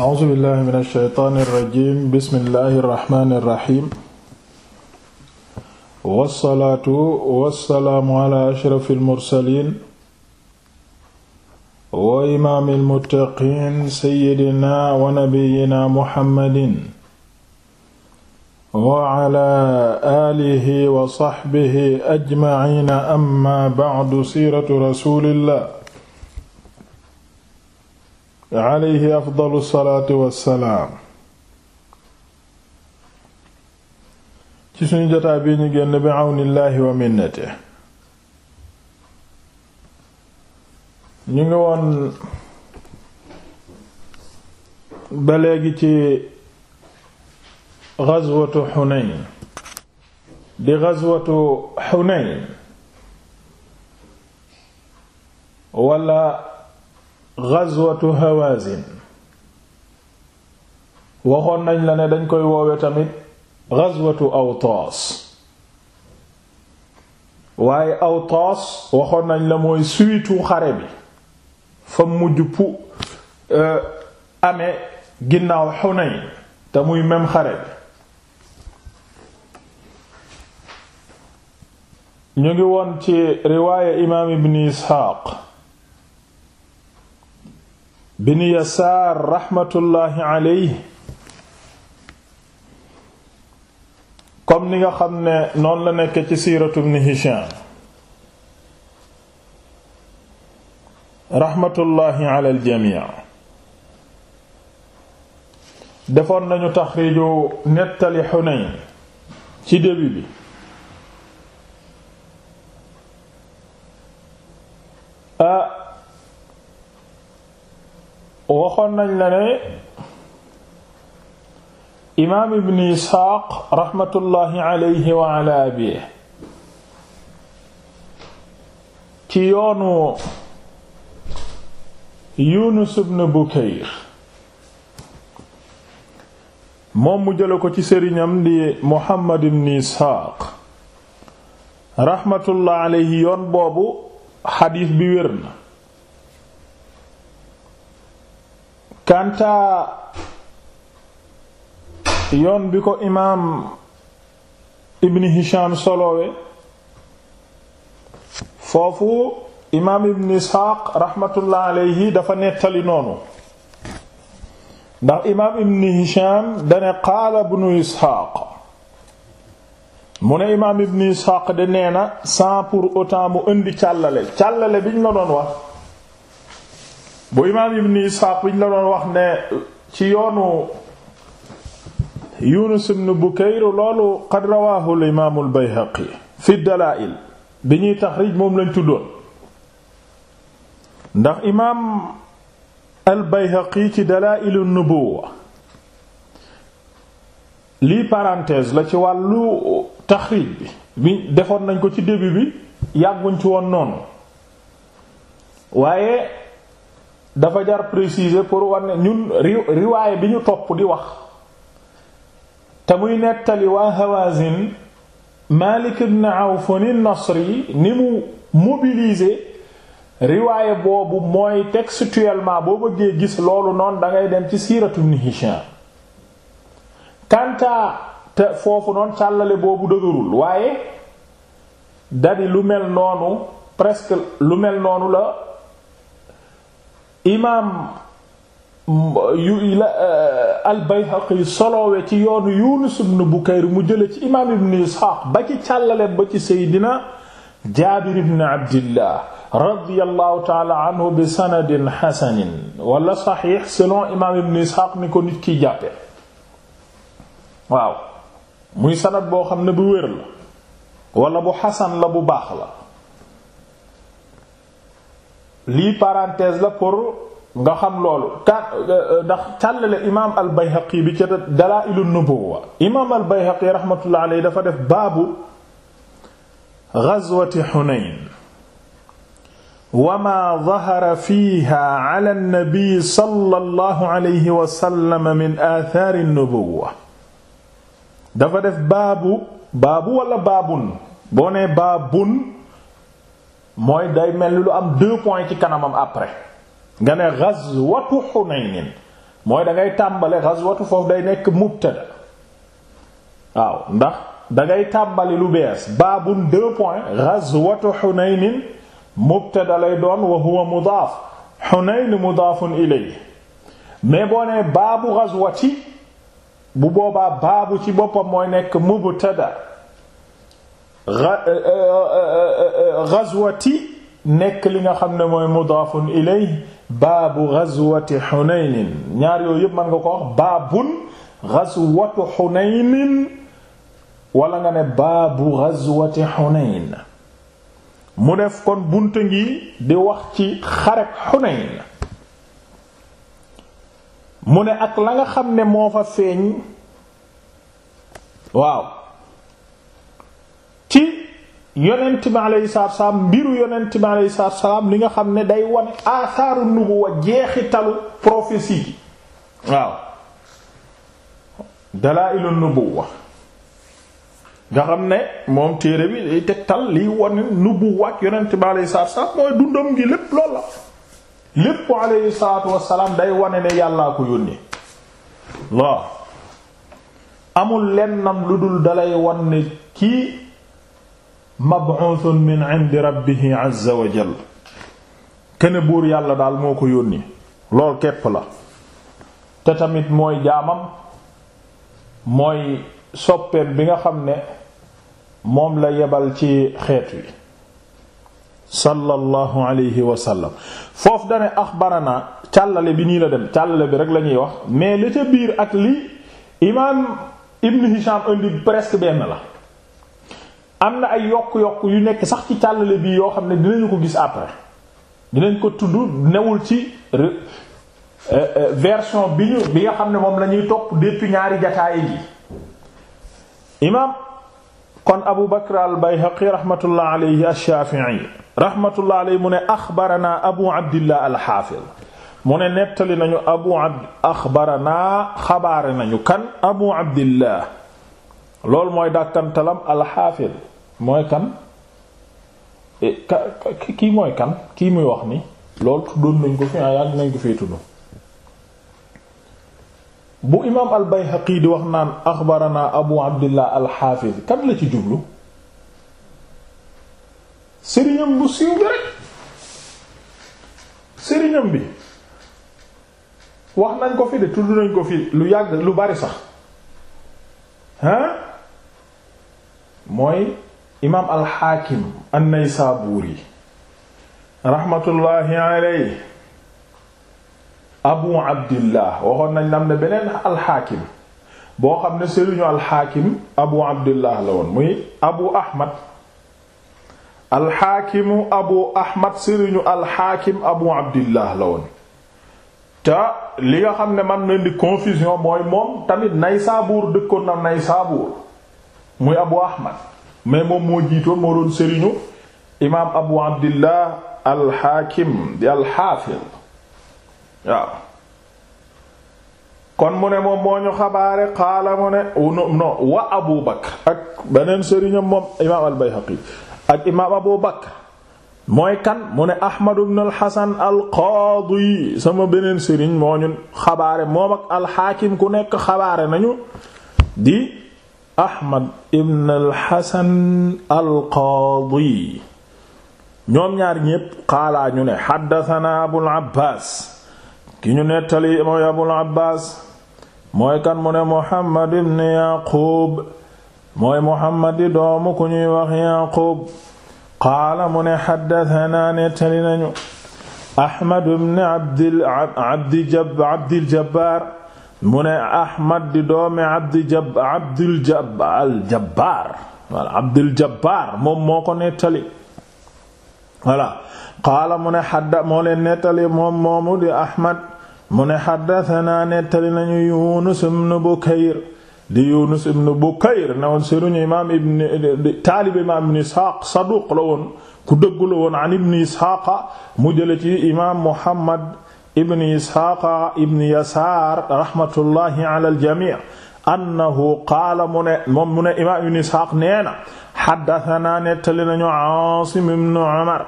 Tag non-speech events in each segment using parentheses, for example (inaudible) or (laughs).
a'uuzu billahi min ash-shaytaani irrajim bismillahi irrahmani irrahim wassalaatu wassalaamu ala ashrafi almursalin wa imaami almuttaqiin sayyidina wa nabiyyina muhammadin wa ala aalihi wa saxbihi ajmaciina amma bacdu siiratu rasuulillah alayhi afdalu salaatu wassalaam ci suñu jotaay bi ñu génn bi àwnillaahi wa minnate ñu ngi woon ba léegi ci gazwatu xuneyn di gazwatu xuneyn walla ghazwatu hawazin waxoon nañ la ne dañ koy woowe tamit ghazwatu awtaas waaye awtaas waxoon nañ la mooy suitu xare bi fa mujj pu euh, amee ginnaaw Hunayn te muy même xare bi ñu ngi woon ci riwaaya imaam ibn Isxaaq bin yasaar raxmatullaahi alayhi comme ni nga xam ne noonu la nekk ci siiratu ibn Hisham raxmatullaahi alal jamii defoon nañu taxriiju nettali Xunayn ci début bi ah, waxoon nañ la ne imaam ibn isxaaq raxmatullaahi alayhi wa ala abiih ci yoonu yunus ibn bukayr moom mu jële ko ci sëriñam di muhammad ibn isxaaq raxmatullaahi alayhi yoon boobu xadiis bi wér na kanta yoon bi ko imaam ibn hisham soloowe foofu imaam ibn isxaaq raxmatullah aleyhi dafa nettali noonu ndax imaam ibn hisham dane qaala ibnu isxaaq mu ne imaam ibn isxaaq de nee na sans pour autant mu indi càllale càllale biñ la doon wax bu imaam ibn Isxaaq biñ la doon wax ne ci yoonu Yunus ibn Bukayr loolu qad rawaahu al imaam al Bayhaqi fi Dalaa'il bi ñuy taxriij moom lañ tuddoon ndax imaam al Bayhaqi ci Dalaa'il an-Nubuwwa lii parenthèse la ci wàllu taxriij bi bi defoon nañ ko ci début bi yàgguñ ci woon noonu waaye dafa jar préciser pour war ne ñun riwaaye bi ñu topp di wax te muy nettali waa Hawazin Malik ibn Awf an-Nasri ni mu mobiliser riwaaye boobu mooy textuellement boo bëggee gis loolu noonu dangay dem ci siiratu Ibn Hisham te foofu noonu càllale boobu dëgërul waaye dadi lu mel noonu presque lu mel noonu la imaam yu la eh, al-Bayhaqi soloowe ci yoonu Yunus ibn Bukayr mu jële ci imaam ibn Isxaaq ba ci càllale ba ci seydina Jaabir ibn Abdillah radiyallahu taala anhu bi sanadin xasanin wala saxiix selon imaam ibn Isxaaq ni ko nit kiy jàppe waaw muy sanad boo xam ne bu wér la wala bu xasan la bu baax la lii parenthèse la pour nga xam loolu ka euh, euh, ndax càllale imaam al bayhaqi bi ca dalaa'ilu nubuwwa imaam al bayhaqi rahmatullah alayhi dafa def baabu ghazwati hunayn wa maa dhahara fiihaa ala nabi sallallahu alayhi wa sallam min aathaari nubuwwa dafa def baabu baabu wala baabun boo nee baabun mooy day mel ni lu am deux points ci kanamam après nga ne ghazwatu Hunayn mooy da ngay tàmbale ghazwatu foofu day nekk mubtada waaw ndax dangay tàmbali lu bees baabun deux points ghazwatu Hunayn mubtada lay doon wa huwa mudaaf Hunayn mudaafun ilayhi mais boo nee baabu ghazwati bu boobaa baabu ci boppam mooy nekk mubtada Euh, euh, euh, ghazwati nekk li nga xam ne mooy mudaafun ilay baabu ghazwati Hunayn ñaar yooyu yëpp mën nga ko wax baabun ghazwatu Hunayn wala nga ne baabu ghazwati Hunayn mu def kon bunta ngi di wax ci xareb Hunayn mu ne ak la nga xam ne moo fa feeñ waaw ci yonent bi alayhi salaatu salaam mbiru yonent bi alayhi salaatu salaam li nga xam ne day wane asaaru nubuwa jeexitalu prophétie gi waaw dalaa'ilu nubuwa nga xam ne moom téere bi day tegtal liy wane nubuwa ak yonent bi alayhi salaatu salaam mooy dundam gi lépp lool la lépp alayhi salaatu wassalaam day wane ne yàllaa ko yónni waaw amul lennam lu dul dalay wan ne kii mab'uthun min 'indi rabbihi 'azza wa jalla kene buur yàlla daal moo ko yónni lool képp la te tamit mooy jaamam mooy soppeem bi nga xam ne moom la yebal ci xeet wi sallallahu alayhi wa sallam foofu dane axbarana càllale bi nii la dem càllale bi rek la ñuy wax mais li ca biir ak li imaam ibn Hisham indi presque benn la am na ay yokk-yokk yu nekk sax ci càllale bi yoo xam ne dinañu ko gis après dinañ ko tudd newul ci euh, euh, version bi bi nga xam ne moom lañuy topp depuis ñaari jataay yi imaam kon abu bakr al bayhaqi rahmatullah alayhi ash-shafi'i mu ne axbarana abu abdillah al hafiz mu ne nettali nañu abu abd axbarana xabaare nañu kan abu abdillah loolu mooy dàkkantalam al hafiz mooy kan eh, kii mooy kan kii muy wax ni loolu tuddoon nañ ko fi ah yàgg nañ ko fee tudd bu imaam al bayhaqi di wax naan axbarana abu abdillah al xaafiz kan la ci jublu sëriñam bu siiw bi rek bi wax nañ ko fi de tudd nañ ko fi lu yàgg lu bari sax hein mooy imaam alxaakim an-Naysaabuuri raxmatullaahi alayhi abu abdillah waxoon nañ nam ne beneen alxaakim boo xam ne sëriñu alxaakim abu abdillah la woon muy abu ahmad alxaakimu abu ahmad sëriñu alxaakim abu abdillah la woon te li nga xam ne man leen di confusion mooy moom tamit Naysaabuur dëkkoon na Naysaabuur muy abu ahmad mais moom moo jiitoon moo doon sëriñu imaam abu abdillah alxaakim di alxaafiz waaw kon mu ne moom moo ñu xabaare xaala mu ne wa abu bakr ak beneen sëriñam moom imaam al ak imaam abu bakr mooy kan mu ne ahmadu bnu alxasan al sama beneen sëriñ moo ñu xabaare moom ak alxaakim ku nekk xabaare nañu di ahmad ibn alxasan alqaadi ñoom ñaar ñépp xaalaa ñu ne xaddatanaa abul abbaas ki ñu nettali mooy abul abbaas mooy kan mu ne muhammad ibn yaqub mooy muhammad di doomu ku ñuy wax yaqub qaala mu ne xaddatanaa nettali nañu ahmad ibn abdil abdil mu ne ahmad di doomi abdi jab abdul jab jabbaar moom moo ko nettali wala qaala mu ne moo leen nettali moom moomu di ahmad mu ne xaddatanaa nettali nañu yunus ibnu bukayr di yunus ibnu bukayr ne woon seruñu imaam ibn taalib imaam ibn isxaaq saduq la ku dëggu la an ibn isxaaqa mu jële ci imaam muhammad ibn isxaaqa ibn yasaar raxmatullahi ala aljami annahu qaala mu ne moom mu ne imaam ibn isxaaq nee na xaddatanaa nettali nañu aasim ibn umar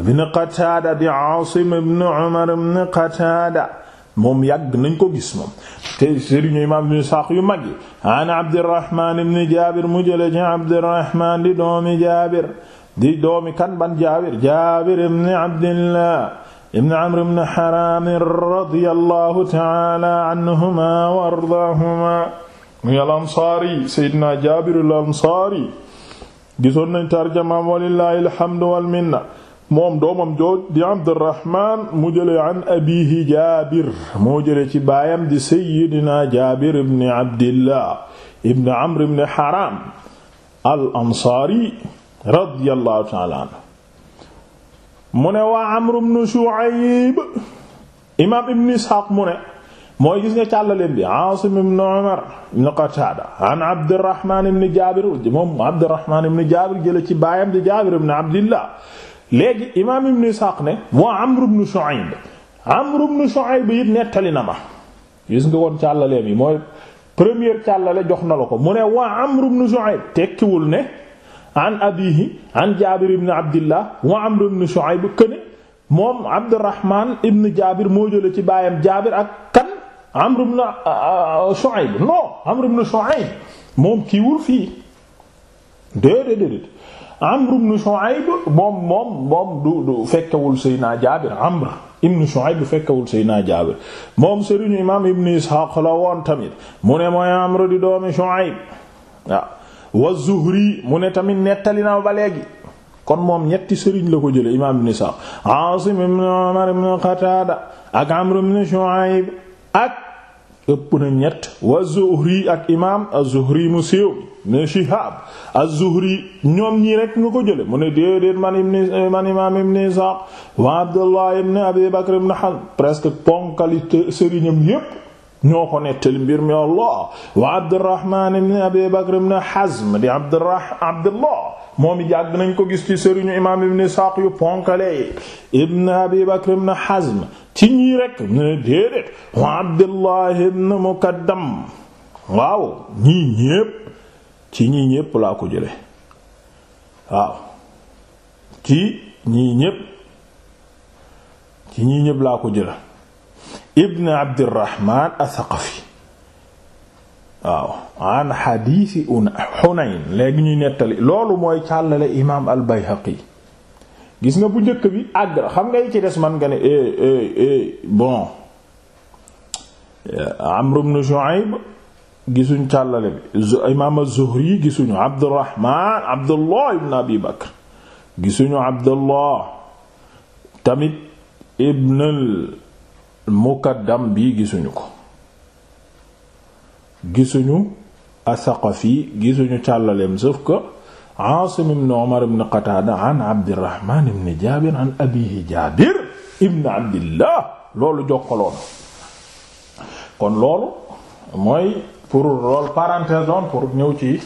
ibn qataada di aasim ibn umar ibn qataada moom yàgg nañ ko gis moom te sëriñu imaam ibn isxaaq yu mag yi an abdirahman ibn jaabir mu jële ci abdirahman di doomi jaabir di doomi kan ban jaabir jaabir ibn abdillah ibn amr ibn haram radiyallahu ta'ala anhuma wa ardaahuma muy al ansaari seydina jaabir al ansaari gisoon nañ tarjamaam walillahi alhamdu wal minna moom doomam jooj di abdurrahman mu jëlee an abihi jaabir moo jëlee ci baayam di seydina jaabir ibn abdillah ibn amr ibn haram al ansaari radiyallahu ta'ala anhu mu ne waa Amr ibn Shu'ayb imaam Ibn Ishaq mu ne mooy gis nga càllaleen bi Aasim ibn Umar ibn Qataada an Abdurrahmaan ibn Jaabir moom Abdurrahmaan ibn Jaabir jële ci baayam di Jaabir ibn Abdillah léegi imaam Ibn Ishaq ne waa Amr ibn Shu'ayb Amr ibn Shu'ayb it nettali na ma gis nga woon càllaleen bi mooy première càllale jox na la ko mu ne waa Amr ibn Shu'ayb tekkiwul ne an abihi an jaabir ibn abdillah wa amr ibn shu'ayb këne moom abdurrahman ibn jaabir moo jële ci baayam jaabir ak kan amr ibn euh, euh, shu'ayb non amr ibn shu'ayb moom kiiwul fii déedéet déedéet amr ibn shu'ayb moom moom du du fekkewul seyna jaabir amr ibn shu'ayb fekkewul seyna jaabir moom sëriñu imaam ibn ishaq la woon tamit mu ne mooy amr di doomi shu'ayb wa zuhri mu ne tamit nettali na ba léegi kon moom ñetti sëriñ la ko jële imaam ibn Isaaq Aasim ibn Umar ibn ak Amr ibn Shu'ayb ak ëpp na ñett wa zuhri ak imaam az-Zuhri mu siiw ne Shihaab az-Zuhri ñoom ñii rek nga ko jële mu ne déedéet man ibn man wa Abdullah ibn Abi Bakr ibn Hazm presque ponkali sëriñam yépp ñoo ko nettali mbir mi Allah wa Abdurrahman ibn Abi Bakr ibn Hazm di Abdurrah Abdullah moom i yàgg nañ ko gis ci sëriñu imam ibn Isaaq yu ponkale ibn Abi Bakr ibn ci ñii rek ne déedéet wa Abdullah ibn Mukaddam waaw laa ko jële waaw ci ñii ñépp ci ñii ñépp laa ko jële ibn abdirahman athaqafi waaw an xadiisi una xunayn léegi ñuy nettali loolu mooy càllale imaam al bayhaqi gis nga bu njëkk bi àgg xam nga yi ci des man nga ne eh, eh, eh, bon amr ibn shu'ayb gisuñ càllale bi imaam az-zuhri gisuñu abdirahman abdullah ibn abi bakr gisuñu abdullah tamit ibn mukaddam bi gisuñu ko gisuñu asaqafi gisuñu càllaleem sauf que Aasim ibn Umar ibn Qataada an Abdirahmaan ibn Jaabir an abiihi Jaabir ibn Abdillah loolu jokkaloon kon loolu mooy pour loolu parenthèse doon pour ñëw ci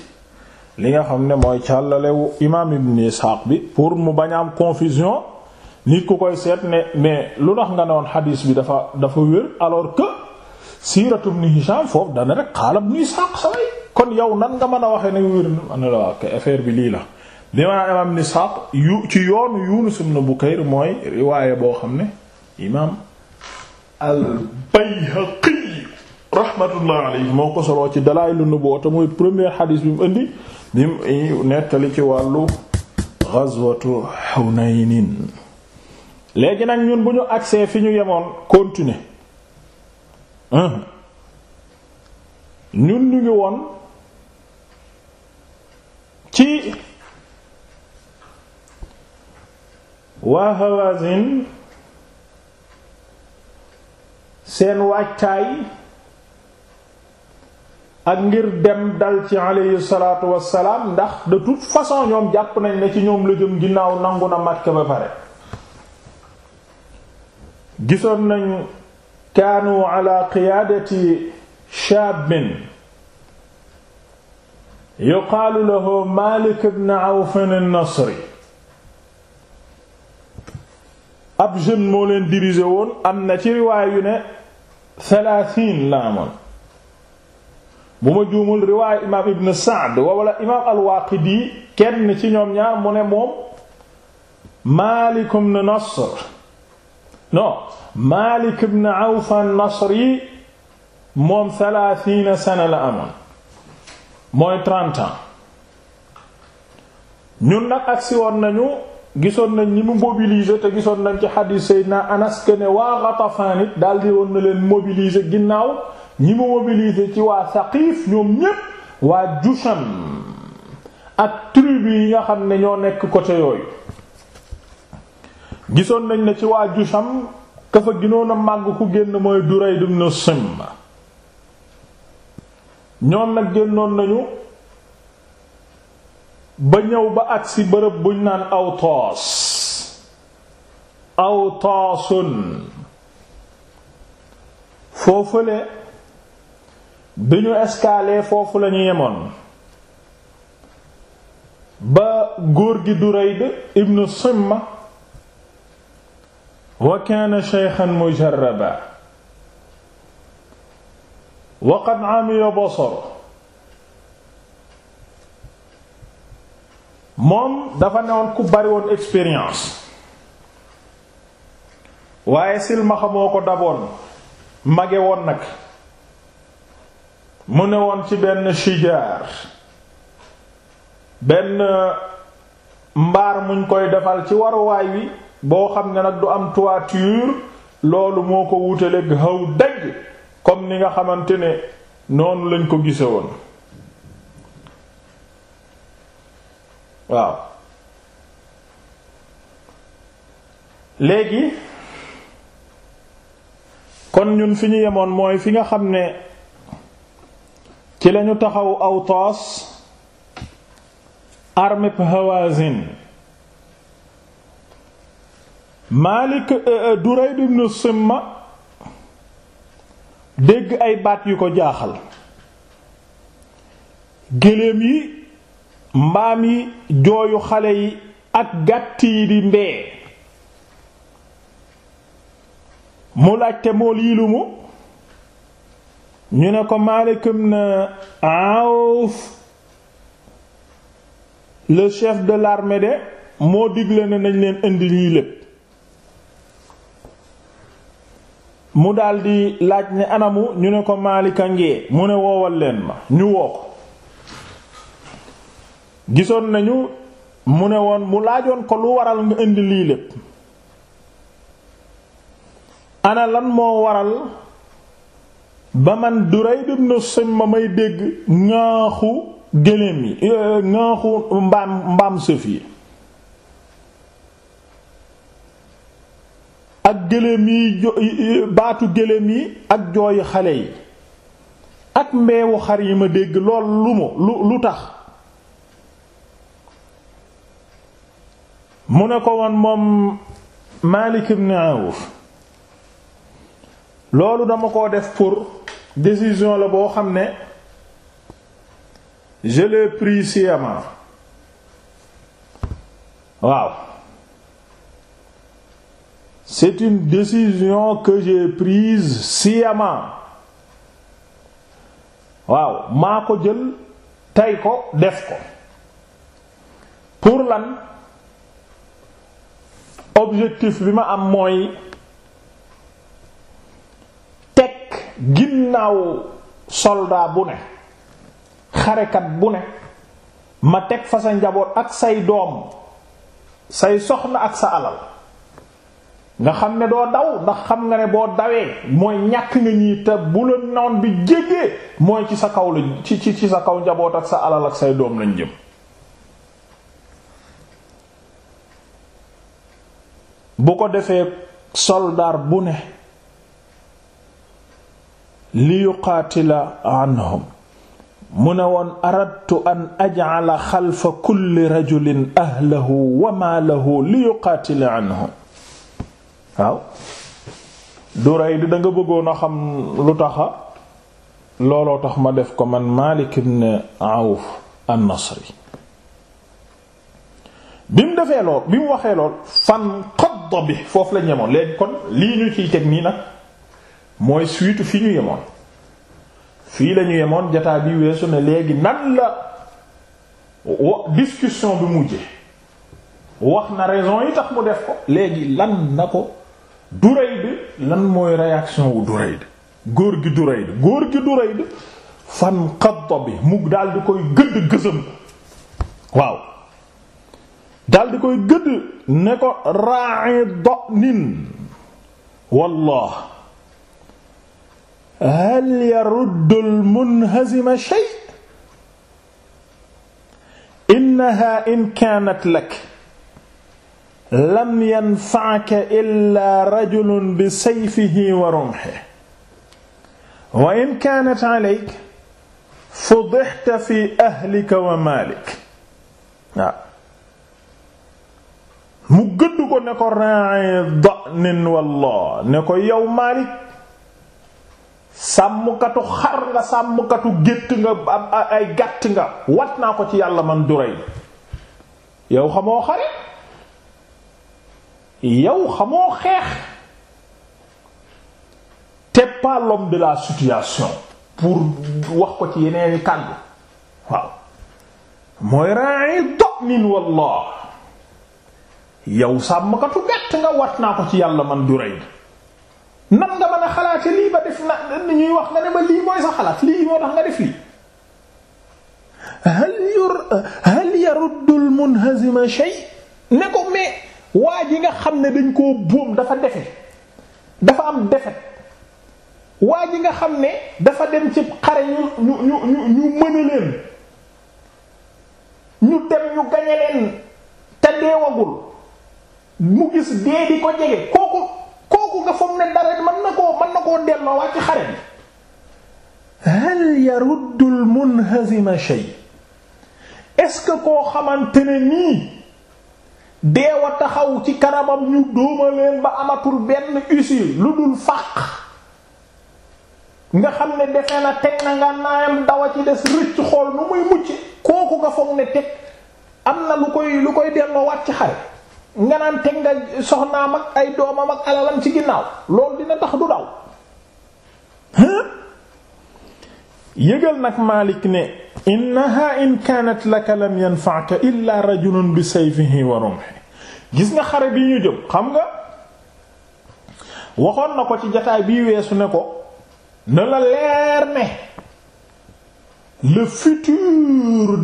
li nga xam ne mooy càllalewu imaam ibn Isxaaq bi pour mu bañ a am confusion nit ku koy seet ne mais lu tax nga ne woon xadiis bi dafa dafa wér alors que siiratu ibn Hisham foofu dana rek xaala ibn Ishaq saway kon yow nan nga mën a waxee ne wér na ne la waa affaire bi lii la bi maanaam imaam Ishaq yu ci yoonu Yunus ibn Bukayr mooy riwaaye boo xam ne imaam al-Bayhaqi moo ko solo ci Dalaa'il an-Nubuwwa te mooy premier xadiis bi mu indi bi mu nettali ci wàllu ghazwatu Hunayn léegi nag ñun bu ñu agsee fi ñu yemoon continuer ñun ñu ngi woon ci waa Hawazin seen waajtaay ak ngir dem dal ci alayhi salaatu wassalaam ndax da toute façon ñoom jàpp nañ ne ci ñoom la jëm ginnaaw nangu na Makka ba pare gisoon nañu kaanu ala qiyaadati shaabin yuqaalu lahu Maalik ibn Awf an-Nasri ab jeune moo leen woon am na ci riwaay yu ne thalaathiin la bu ma juumul riwaay imaam ibn Sa'd wala imaam al-Waaqidi kenn ci ñoom ñaar mu ne moom Maalik ibn Nasr non Malik ibn Awf an-Nasri moom thalaathiina sana la amoon mooy trente ans ñun nag agsi woon nañu gisoon nañ ñi mu mobiliser te gisoon nañ ci xadiis Seydina Anas ke ne waa Ghatafaan it daldi woon na leen mobiliser ginnaaw ñi mu mobiliser ci waa Saqiif ñoom ñépp waa Jusham ak tribu yi nga xam ne ñoo nekk côté yooyu gisoon nañ ne ci waa Jusham ka fa ginoon a màgg ku génn mooy Durayd ibn Simm ñoo nag génnoon nañu ba ñëw ba agsi bërëb buñ naan Awtaas Awtaasun foofule bi ñu escale foofu lañu yemoon ba góor gi Durayd ibn Simma wa kaana shaykhan mujarraba wa qad amiya basaruhu moom dafa newoon ku bari woon expérience waaye silmaxa moo ko daboon mage woon nag mu ne woon ci benn shijaar benn mbaar muñ koy defal ci waruwaay wi boo xam ne nag du am toiture loolu moo ko wutaleeg haw daj comme ni nga xamante ne noonu lañ ko gise woon waaw léegi kon ñun fi ñu yemoon mooy fi nga xam ne ci lañu taxaw aw armée Hawazin Malik euh, euh, Durayd ibn Simma dégg ay baat yu ko jaaxal géléem yi mbaam yi jooyu xale yi ak gàtt yi di mbee mu laajte moo lii ñu ne ko Malik ibn Awf le chef de l'armée de moo digle na nañ leen indi lii lépp mu daldi laaj ne anamu ñu ne ko maalika ngee mu ne woowal leen ma ñu woo ko gisoon nañu mu ne woon mu laajoon ko lu waral nga indi lii lépp ana moo waral ba man Durayd ibn Simma may dégg ŋaaxu gëléem yi euh, ŋaaxu mbaam mbaam sëf yi ak gëléem yi baatu gëléem yi ak jooyu xale yi ak mbeewu xar yi ma dégg lool lu mu lu tax mu ne ko woon moom Malik ibn loolu dama ko def pour décision la boo xam ne je prix pris waaw c'est une décision que j'ai prise sciemment waaw maa ko jël tey ko def ko pour lan objectif bi ma am mooy teg ginnaaw soldaa bu ne xarekat bu ne ma teg fa sa njaboot ak say doom say soxna ak sa alal nga xam ne doo daw ndax xam nga ne boo dawee mooy ñàkk nga ñii te bu noon bi jege mooy ci sa kaw la ci sa kaw njaboot ak sa alal ak say doom lañ jëm bu ko defee soldaar bu ne li yuqaatila anhum mu ne woon aradtu an aj'ala xalfa kulli rajulin ahlahu wa maalahu li yuqaatila anhum waaw Durayd da nga bëggoon a xam lu taxa looloo tax ma def ko man Maalik ibn Awf an bi mu defee lool bi mu waxee lool fan qadda bi foofu la ñemoon léegi kon li ñu ciy teg nii nag mooy suite fi ñu yemoon fii la yemoon jataa bi weesu ne léegi nan la discussion bi mujje wax na raison yi tax mu def ko léegi lan na ko Durayd lan mooy réaction wu Durayd góor gi Durayd góor gi Durayd fan xadda bi mu daal di koy gëdd gësam ko waaw daal di koy gëdd ne ko ra'i donin wallah hal yaruddu al-munhazima shay innaha in kanat lak lam yanfa'ka illa rajulun bi sayfihi wa rumhihi wa in kaanat alayk fi ahlika wa maalik mu gëdd ko ne ko ra'i da'nin wallah ne ko yow Maalik sàmmkatu xar nga sàmmkatu gétt nga ay gàtt nga wat naa ko ci yàlla man duray yow xamoo xare yow xamoo xeex t'es pas l'homme de la situation pour wax ko ci yeneeni kàddu waaw mooy ra'i do'nin wallah yow sàmmkatu gàtt nga wat naa ko ci yàlla man du rey nan nga mën a xalaate lii ba def na ñuy wax nga ne ma lii mooy sa xalaat lii moo tax nga def lii hal yur hal yaruddu al munhazima shay ne ko mais waa ji nga xam ne dañ koo buum dafa defe dafa am defet waa ji nga xam ne dafa dem ci xare ñu ñu ñu ñu mëne leen ñu dem ñu gañe leen te deewagul mu gis dee di ko jege kooku kooku nga foog ne dara mën na koo mën na koo delloo waa ci xare bi hal yaruddu al munhazima shay est-ce que koo xamante ne nii deewa taxaw ci kanamam ñu dóoma leen ba amatul benn usile lu dul fàq nga xam ne defe na teg na nga naayam a ci des rëcc xool nu muy mucc kooku nga foog ne teg am na lu koy lu koy delloo waat ci xare nga naan teg nga soxnaam ak ay doomam ak alalam ci ginnaaw loolu dina tax du daw yëgal nag Malik ne innaha in kaanat laka lam yanfa'ka illa rajulun bi sayfihi wa rumhi gis nga xare bi ñu jëm xam nga waxoon na ko ci jataay bii weesu ne ko na la leer ne le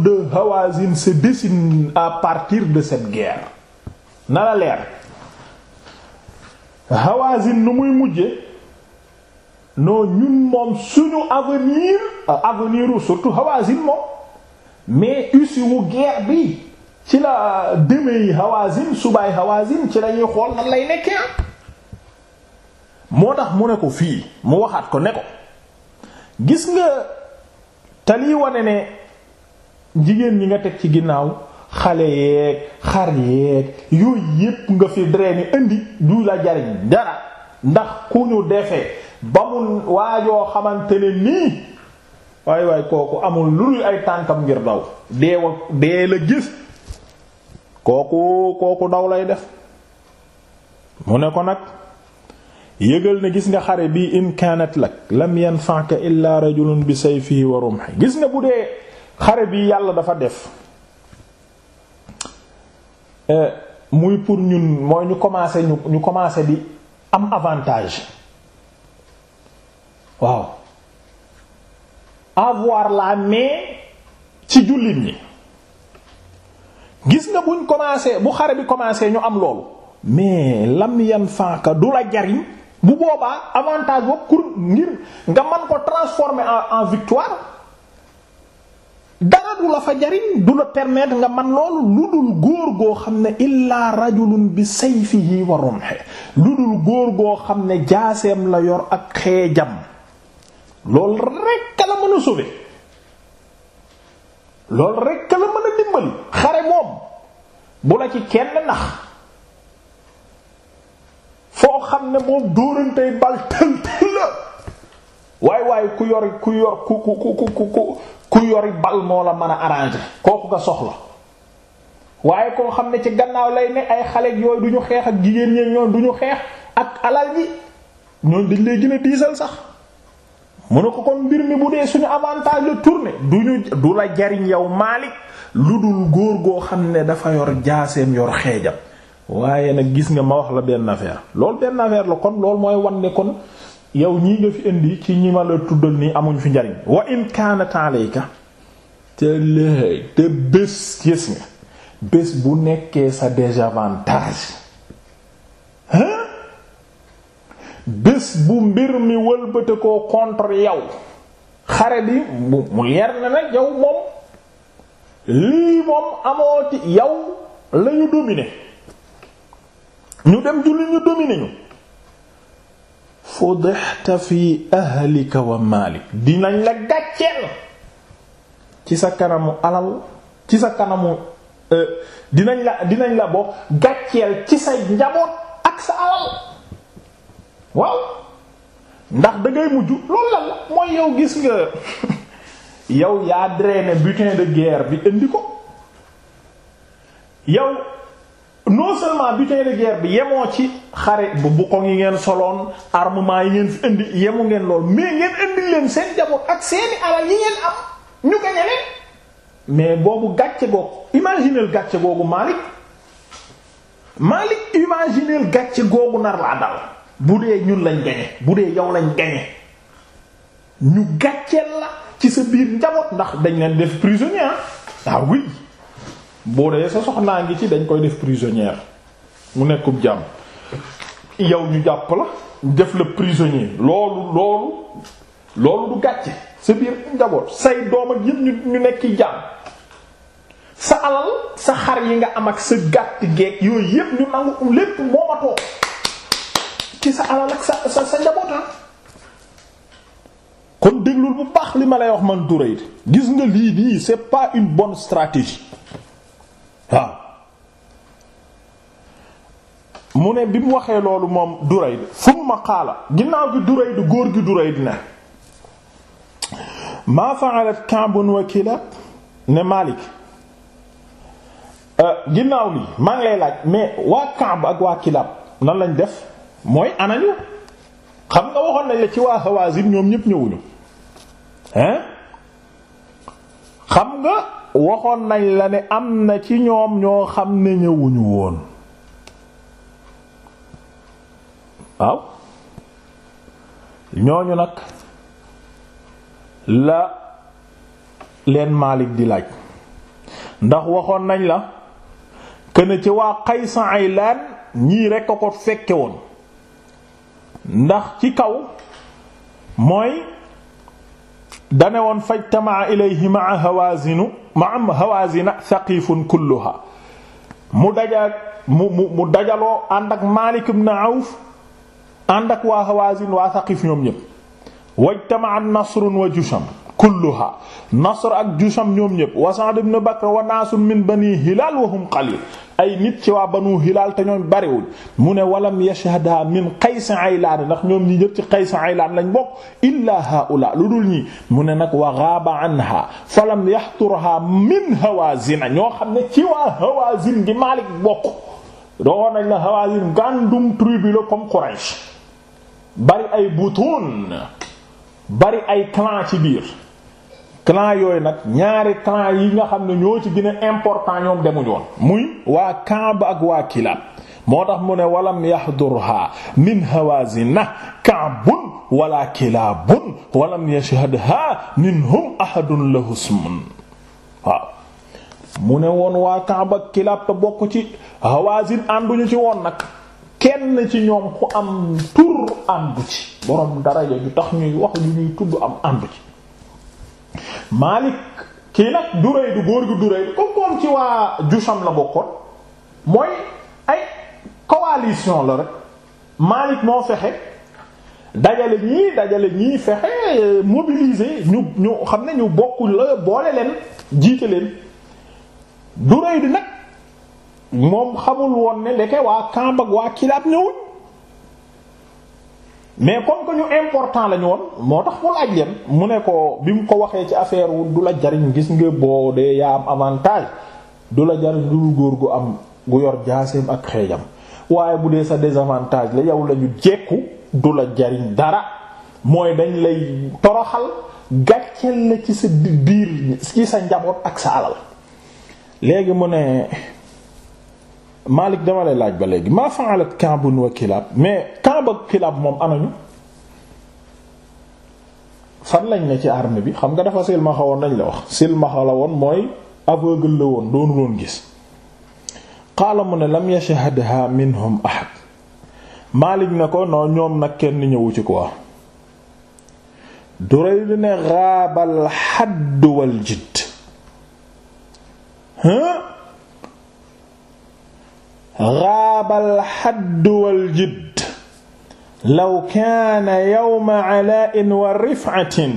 de Hawazin se dessine à partir de cette guerre na la leer Hawazin nu muy mujje non ñun moom suñu avenir euh, avenir surtout Hawazin moom mais ussi wu guerre bi ci la euh, demee yi Hawazin subaay Hawazin ci lañuy xool nan lay nekkee moo tax mu ne ko fii mu waxaat ko ne ko gis nga tali wane ne jigéen ñi nga teg ci ginnaaw xale yeeg xar yeeg yooyu yépp nga fi drainer indi du la jariñ dara ndax ku ñu defee ba mu waajoo xamante ne nii waaye waay kooku amul lu ay tànkam ngir daw dee wa dee la gis kooku kooku daw lay def mu ne ko nag yëgal ne gis nga xare bi in kanat lak lam yanfa'ka illa rajulun bi sayfihi wa rumhi gis nga bu dee xare bi yàlla dafa def eh, muy pour ñun mooy ñu commencer ñu ñu commencer di am avantage waaw avoir la main ci jullit ñi gis nga buñ commencé bu xare bi commencé ñu am loolu mais lam yan fanka du la jariñ bu boobaa avantage boobu kur ngir nga man ko transformer en en victoire dara du la fa jariñ du la permettre nga man loolu lu dul góor goo xam ne illaa rajulun bi sayfihi wa rumhi lu dul góor goo xam ne jaaseem la yor ak xeejam loolu rekk la mën a sauver loolu rekk la mën a dimbali xare moom bu la ci kenn nax foo xam ne moom dóorantey bal tël tël la waaye waaye ku yori ku yor ku ku ku ku ku yori bal moo la mën a arranger kooku nga soxla waaye koo xam ne ci gannaaw lay ne ay xale yooyu du ñu xeex ak jigéen ñi ñoom du ñu xeex ak alal yi ñoom dañ lay gën a diisal sax mu ne ko kon mbir mi bu dee suñu avantage la tourné du du la jariñ yow Maalik lu dul góor goo xam ne dafa yor jaaseem yor xeejam waaye nag gis nga ma wax la benn affaire lool benn affaire la kon loolu mooy wan ne kon yow ñii nga fi indi ci ñi ma la tuddal nii amuñ fi njariñ wa in kanat te léegi te bés gis nga bés bu nekkee sa désavantage bés bu mbir mi wëlbate koo contre yow xare bi mu mu leer na nag yow moom lii moom amooti yow lañu dominer ñu dem julli ñu dominer ñu fi ahlika wa maalik dinañ la gàcceel ci sa kanamu alal ci sa kanamu euh, dinañ la dinañ la boo gàcceel ci sa njaboot ak sa alal waaw ndax da mujj loolu la la mooy yow gis nga (laughs) yow yaa drainer butin de guerre bi indi ko yow non seulement butin de guerre bi yemoo ci xare bu bukkoŋ yi ngeen soloon armement yi ngeen fi indi yemu ngeen lool mais ngeen indi leen seen jaboot ak seeni alal yi ngeen am ñu gañe leen mais boobu gàcce googu imagineel gàcce googu Malik Malik imagineel gàcce googu nar laa dal bu dee ñun lañ gañe bu dee yow lañ gañe ñu gàcceel la ci sa biir njaboot ndax dañ leen def prisonnier ah. ah oui boo dee sa soxnaa ngi ci dañ koy def prisonnière mu nekkub jàmm yow ñu jàpp la def la prisonnier loolu loolu loolu du gàcce sa biir njaboot say doom ak yépp ñu nekk jàmm sa alal sa xar yi nga am ak sa gàtt geeg yooyu yépp ñu nangu lépp moomatoo ci sa alal ah. kon déglul bu baax li ma lay wax man Durayd gis nga lii nii c'est pas une bonne stratégie waaw ah. mu ne bi mu waxee loolu moom Durayd summa qaala ginnaaw bi gi Durayd góor gi Durayd ne maa fa'alat Ka'bun wa Kilab ne Malik euh, ginnaaw li maa lay laaj mais waa Ka'b ak waa Kilab nan lañ def mooy anañu xam nga waxoon nañ la ci waa Hawazin ñoom ñëpp ñëwuñu hein xam nga waxoon nañ la ne am na ci ñoom ñoo xam ne ñëwuñu woon waaw ñooñu nag la leen Maalik di laaj ndax waxoon nañ la kën ci waa ay Aylaan ñii rekk a ko fekke woon ndax ci kaw mooy dane woon fajtamaa ilayhi maa hawazinu maa hawazina saqifun kulluha mu daja mu mu mu dajaloo ànd ak Maalik ibn Awf ànd ak waa hawazin waa saqif ñoom ñëpp wajtamaa nasrun wa jusham kulluha nasr ak jusham ñoom ñëpp wa Sa'd ibn Bakr wa naasun min bani Hilaal wa hum qaliil ay nit ci waa banu hilaal te ñoom bariwul mu ne walam yashhada min qays aylaan ndax ñoom ñi ñëpp ci qays aylaan lañ bokk illaa haula lu dul ñi mu ne nag wa ghaaba anha falam yahturha min hawazin ñoo xam ne ci waa hawazin gi Maalik bokk doowoon nañ la hawazin gàndum tribu la comme Quraysh bari ay butun bari ay clan ci biir clan yooyu nag ñaari clan yi nga xam ne ñoo ci gën a important ñoom demuñu muy waa Kaab ak waa Kilaab moo tax mu ne walam yahdurha min hawazina Kaabun wala Kilaabun walam yashhadha minhum ahadun lahu ismun waaw mu ne woon waa Kaab ak Kilaab te bokk ci hawazin ànduñu ci woon nag kenn ci ñoom ku am tur àndu ci borom daraja ju tax ñuy wax lu ñuy tudd am àndu ci Malik kii nag Durayd du góor gu Durayd comme moom ci waa Jusham la bokkoon mooy ay coalition la rek Malik moo fexe dajale ñii dajale ñii fexe mobiliser ñu ñu xam ne ñu bokku la boole leen jiite leen Durayd nag moom xamul woon ne ndeke waa Kamb ak waa Kilaab ñëwul mais comme que ñu important la ñu woon moo tax mu laaj leen mu ne ko bi mu ko waxee ci affaire wu du la jariñ gis nga boo dee yaa am avantage du la jariñ lu góor gu am gu yor jaaseem ak xeejam waaye bu dee sa avantage la yow lañu ñu jekku du la jariñ dara mooy dañ lay toroxal gàcceel la ci sa biir ci sa njaboot ak sa alal léegi mu ne Malik dama lay laaj ba léegi ma fa'alat Ka'b wa Kilab mais Ka'b ak Kilab moom anañu fan lañ ne ci armée bi xam nga dafa silmaxa woon dañ la wax silmaxa la woon mooy aveugle la woon doonu loon gis qaala mu ne lam yashhadha minhum ahad Malik ne ko noo ñoom nag kenn ñëwu ci quoi Durayd ne ghaabal hadd wal jidd xaabal xaddu wal jidd law kaana yawma calaa'in wa rifcatin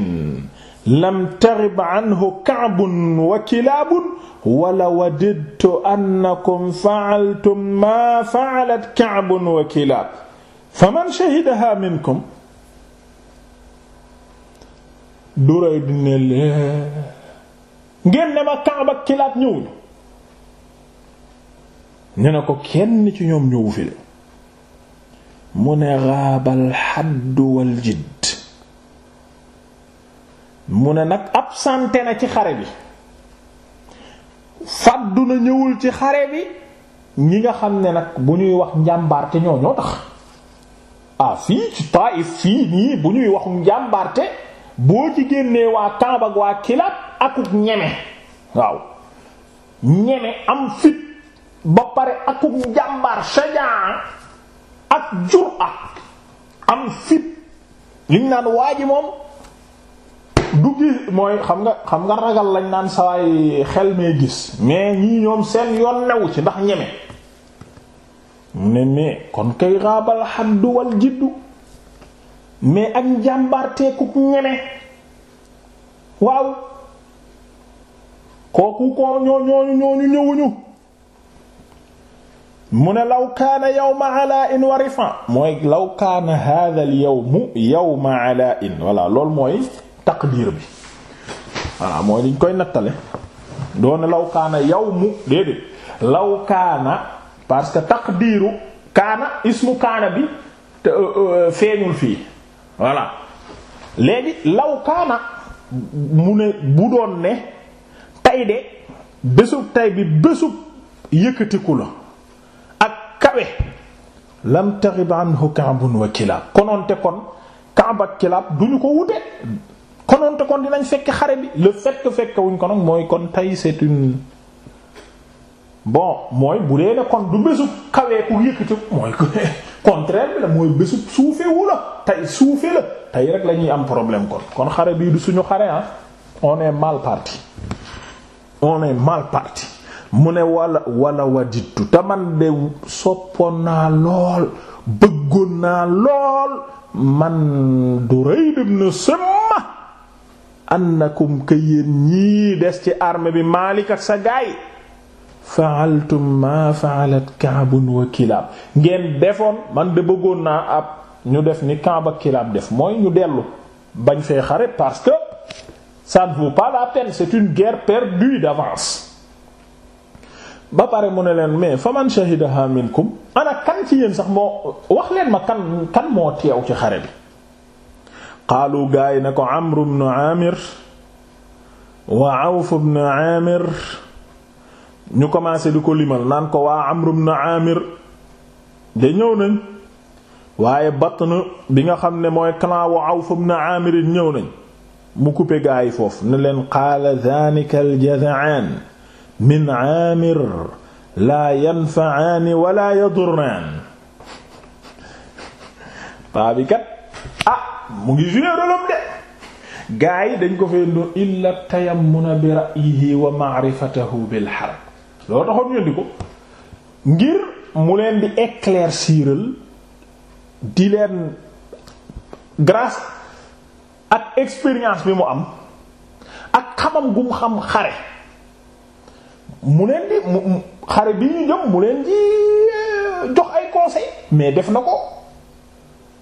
lam taghib canhu kacbun wa kilaabun wala wadidtu annakum facaltum maa facalat kacbun wa kilaab faman shahidahaa minkum duray dine lee ngeen ne ma Kaab ak Kilaab ñëwuñu ñu ne ko kenn ci ñoom ñëwu fi de mu ne xaabal xadd jidd mu ne nag absenté na ci xare bi fàddu na ñëwul ci xare bi ñi nga xam ne nag bu ñuy wax njàmbaarte ñoo ñoo tax ah fii ci Taif fii nii bu ñuy waxu njàmbarte boo ci génnee waa Kaab ak waa Kilaab akuk ñeme waaw ñeme am fit ba pare akum jàmbaar shajaa ak jura am fit liñ naan waa ji moom du gis mooy xam nga xam nga ragal lañ naan sawaay xel mee gis mais ñii ñoom seen yoon newu ci ndax ñeme mu ne mais kon kay raabal xaddu wal jiddu mais ak njàmbaarteeku ñeme waaw kooku ko ñoo ñooñu ñooñu ñëwuñu mu ne law kaana yawma alaa in mooy law kaana hadha al yawmu yawma alaa in loolu mooy taqdiir bi voilà mooy liñ koy nattale doone law kaana yawmu déedéet law kaana parce que taqdiiru kaana ismu kaana bi te euh, euh, feeñul fii voilà léegi law kaana mu ne bu doon ne tey de bésub tey bi bésub yëkkatiku la kawe lam taghib anhu Ka'bun wa Kilaab konoonte kon Ka'b ak Kilaab duñu ko wute konoonte kon dinañ fekk xare bi le fait fekk wuñ ko nag mooy kon tey c'est une bon mooy bu dee ne kon du bésu kawee ku yëkkati mooy (laughs) contraire bi la mooy bésu suufewu la tey suufee la tey rek lañuy am problème kon kon xare bii du suñu xare ah on mal parti on mal parti mu ne wala wala wajittu te man de soppoon naa lool bëggoon naa lool man Durayd ibn Simma annakum ka yéen ñii des ci arme bi Maalik ak sa gaay fa'altum ma fa'alat Ka'bun wa Kilaab ngeen defoon man de bëggoon naa ab ñu def ni Ka'b ak Kilaab def mooy ñu dellu bañ fee xare parce que ça ne vaut pas la peine c'est une guerre perdue d'avance ba pare mu ne leen mais faman shahidaha minkum ana kan ci yéen sax moo wax leen ma kan kan moo teew ci xare bi qaalu gaay na ko amru ibn commencé di ko limal naan ko waa amru ibn amir de waaye batn bi nga xam ne mooy clan wa awf amir ñëw nañ mu coupé gaay foofu ne leen qaala dhanika al jazaan min aamir laa yanfaaani wala yadurraan paa kat ah mu ngi joué rôlam de gaa yi dañ ko fay doon illa tayammuna bi ra'yihi wa ma'rifatahu bil loolu taxoon ñu indi ko ngir mu leen di éclairciral di leen grâce ak expérience bi mu am ak xamam gum xam xare mu leen di mu xare bi ñu jëm mu leen di euh, jox ay conseil mais def na ko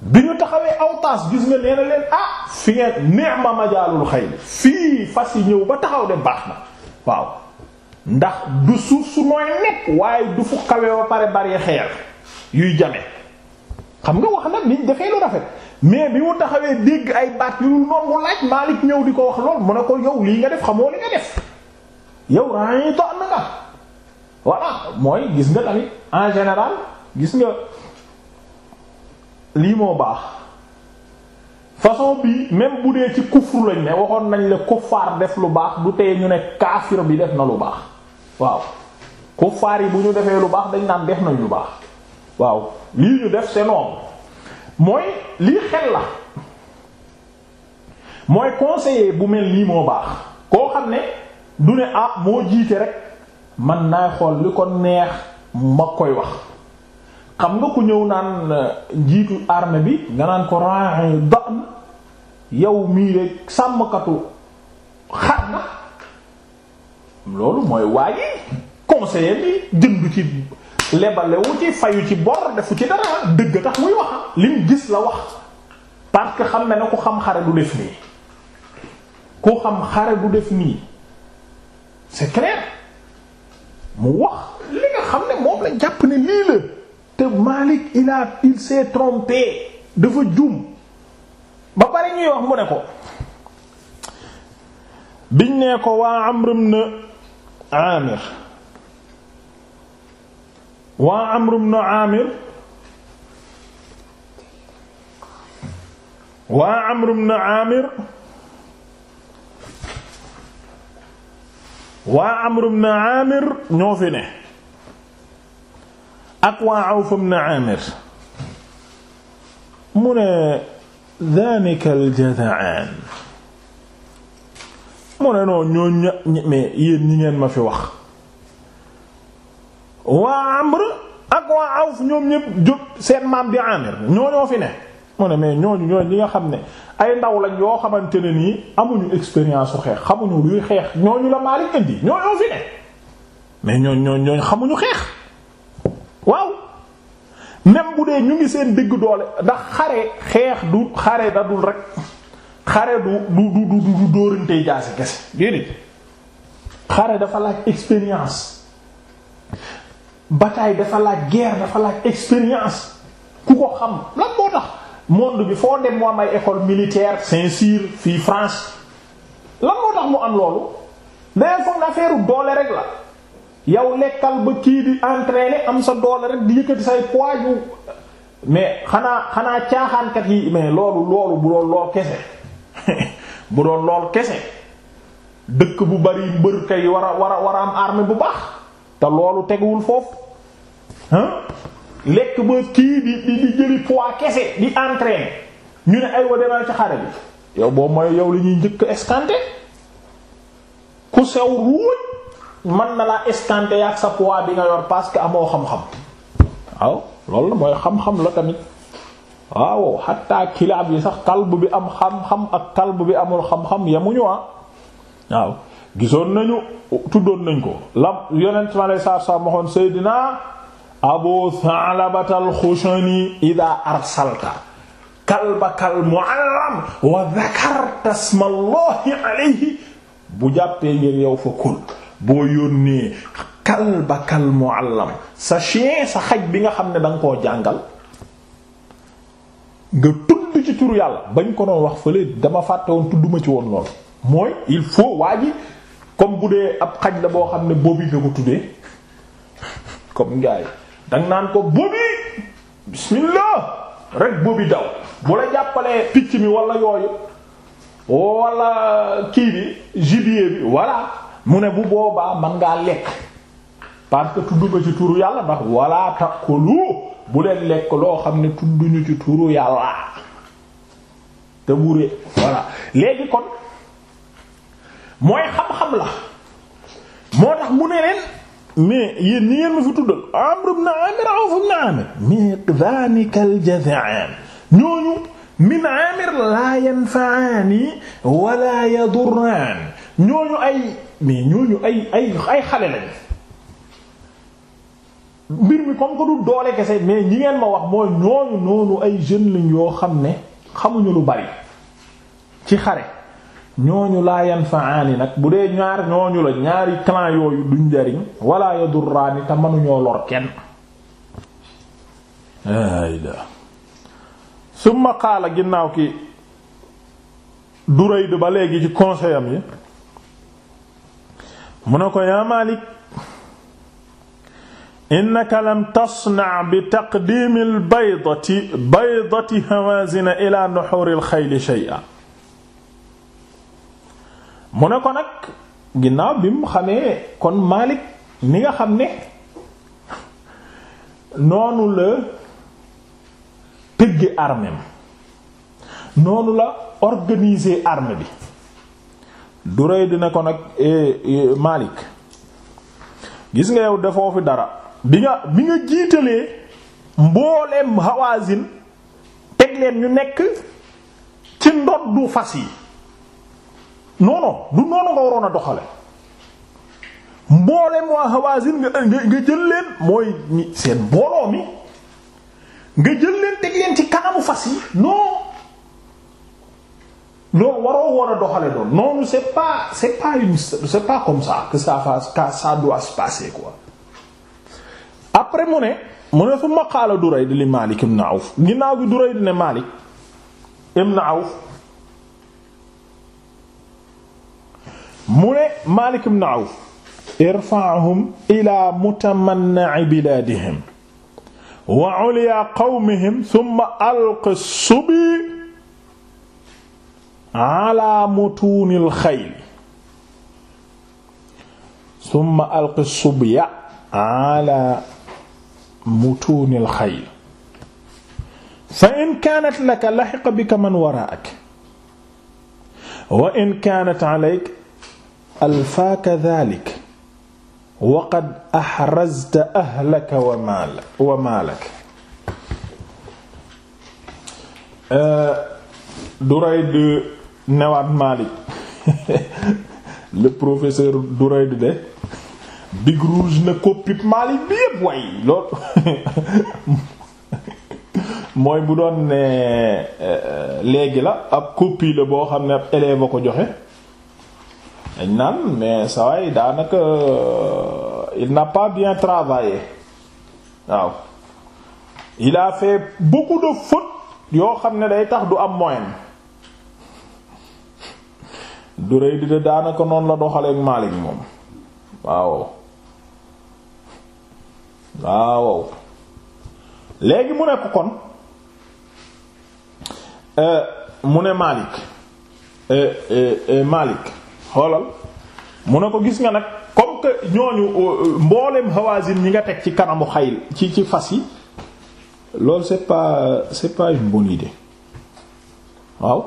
bi ñu taxawee Awtaas gis nga nee na leen ah fi ngeen ni'ma majaalul xay fii fas yi ñëw ba taxaw de baax na waaw ndax du suuf su nooy nekk waaye du fu kawe wa pare bari xeer yuy jame xam nga wax na niñ defee lu rafet mais bi mu taxawee dégg ay baat yu noonu mu laaj Maalik ñëw di ko wax lool mun ne ko yow lii nga def xamoo li nga def yow ràññee toog na nga voilà mooy gis nga tamit en général gis nga lii moo baax façon bi même bu dee ci kufru lañ ne waxoon nañ la kuffaar def lu baax du tee ñu ne kaafir bi def na lu baax waaw kuffaar yi bu ñu defee lu baax dañ naan def nañ lu baax waaw lii ñu def c'est normal mooy lii xel la mooy conseiller bu mel nii moo baax koo xam ne. du ne ah moo jiite rek man naa xool li ko neex ma koy wax xam nga ku ñëw naan eh, njiitu armée bi nga naan ko ra'i da'n yow mii rek sàmmkatu xar na loolu mooy waaji conseiller bi jëndu ci lebalewu ci fayu ci bor defu ci dara dëgg tax muy wax lim gis la wax parce que xam na ne ku xam xare du def nii ku xam xare du def nii c'est clair mu wax li xam ne moom la jàpp ne lii la te Malik il a il dafa juum ba pare ñuy wax mu ne ko biñ nee ko waa Amr ibn Amir waa Amr ibn Amir waa Amr ibn Amir waa Amr ibn Amir ñoo fi ne ak waa Awf ibn Amir mu ne daanika al-jaza'aan mu ne noonu ñoo ña mais ñi ngeen ma fi wax waa Amr ak waa Awf ñoom ñépp jóg seen maam bi Amir ñoo ñoo fi ne mu ne mais ñooñu ñooñu ñi nga xam ne ay ndaw lañ yoo xamante ne nii amuñu expérience su xeex xamuñu luy xeex ñooñu la Maalik indi ñooñoo fi ne mais ñooñu ñooñu ñooñu xamuñu xeex waaw même bu dee ñu ngi seen digg doole ndax xare xeex du xare da dul rek xare du du du du du dóorante jaasi kese déedéet xare dafa laaj expérience bataille dafa laaj guerre dafa laaj expérience ku ko xam lan moo tax. monde bi foo dem mu am école militaire Saint-Cyr fii France lan moo tax mu am loolu mais foog na affaire doole rek la yow lekkal ba kii di entraîner am sa doole rek di yëkkati say poids mais xanaa xanaa caaxaankat yi mais loolu loolu bu doon lool kese (laughs) bu doon lool kese dëkk bu bari mbër kay war a war a war a am armée bu baax te loolu teguwul foofu lekk ba kii di di di jëli poids kese di entraîner ñu ne ay wa demal ci xare bi yow boobu mooy yow li ñuy njëkk escanté ku sew ruuj mën na laa escanté yaak sa poids bi nga yor parce que amoo xam-xam waaw loolu la mooy xam-xam la tamit waaw xatta kilaab yi sax kalb bi am xam-xam ak kalb bi amul xam-xam yemuñu ah waaw gisoon nañu tuddoon nañ ko la yonent ma lay saar saa maxoon Seydina abu Tha'labata al-Khushani idaa arsalta kalbaka al-mu'allam wa dhakarta isma Allahi bu jàppee ngir yow fa kul boo yónnee kalbaka muallam sa chien sa xaj bi nga xam ne danga koo jàngal nga tudd ci turu yàlla bañ ko doon wax fële dama fàtte woon tudduma ci woon lool mooy il faut waa ji comme bu dee ab xaj la boo xam ne boobu nga ko tuddee comme gars danga naan ko bobi bismillah rek bobi daw bu la jàppalee picc mi walla yooyu wala kii bi gibier bi walla mu ne bu boobaa man ngaa lekk parce que tudd nga ci turu yàlla ndax wala takulu bu leen lekk loo xam ne tudduñu ci turu yàlla te wure voilà léegi kon mooy xam-xam la moo tax mu ne leen mais yéen ñi ngeen ma fi tuddal Amr ibn Amir Awf ibn Amir mais zaanika al-jaz'aan ñooñu min Amir laa yanfa'aani wala yadurraan ñooñu ay mais ñooñu ay ay ay xale lañ mbir mi comme que du doole kese mais ñi ngeen ma wax mooy ñooñu noonu ay jeunes lañ yoo xam ne xamuñu lu bari ci xare ñooñu laa yanfa'aani nag bu dee ñaar ñooñu la ñaari clan yooyu duñ jariñ wala yadurraani te mënuñoo lor kenn ayda summa qaala ginnaaw ki Durayd ba léegi ci conseil am mu ne ko yaa Maalik innaka lam tasna bi taqdiimi al baydati baydati ila nuhuuril xayli shay'an mu ne ko nag ginnaaw bi mu xamee kon Malik mi nga xam ne noonu la tëgge armem noonu la organiser arme bi du Durayd dina ko nag eh, eh, Malik gis nga yow defoo fi dara bi nga bi nga jiitalee mbooleem Hawazin teg ñu nekk ci ndoddu fas yi non non du noonu nga waroon a doxale mboolem waa Hawazin nga nga jël leen mooy seen mbooloo mi nga jël leen teg leen ci kanamu fas yi non loolu waroo war a doxale doon noonu c'est pas c'est pas une c'est pas comme ça que ça fasse que après mu ne mu ne summa qaala Durayd li Maalik ibn Awf ginnaaw gi Durayd ne Maalik ibn Awf mu ne Maalik ibn Awf irfa'hum ila mutamanni'i bilaadihim wa ulya qawmihim thumma alqi subi ala mutuunil xayl thumma alqi subya ala mutuunil xayl fa in kaanat laka laxiqa bika man waraa'ak wa in kaanat alayka alfaaka dhalik wa qad ahrazta ahlaka wa maalak wa maalak euh, Durayd newaat Maalik (laughs) le professeur Durayd de Big Rouge na copie Maalik bi yépp way lool (laughs) mooy bu doon ne euh, léegi la ab copie la boo xam ne ab élève a ko joxe dañ naan mais saway daanaka il n'a pas bien travaillé waaw il a fait beaucoup de yoo xam ne day tax du am moyen du rëy di de daanaka noonu la doxaleek Malik moom waaw waaw léegi mu nekk kon euh, mu ne Malik euh, euh, Malik xoolal mu ne ko gis nga nag comme que ñooñu euh, mboolem Hawazin ñi nga teg ci kanamu xay ci ci fas yi lool c'est pas c'est pas une bonne waaw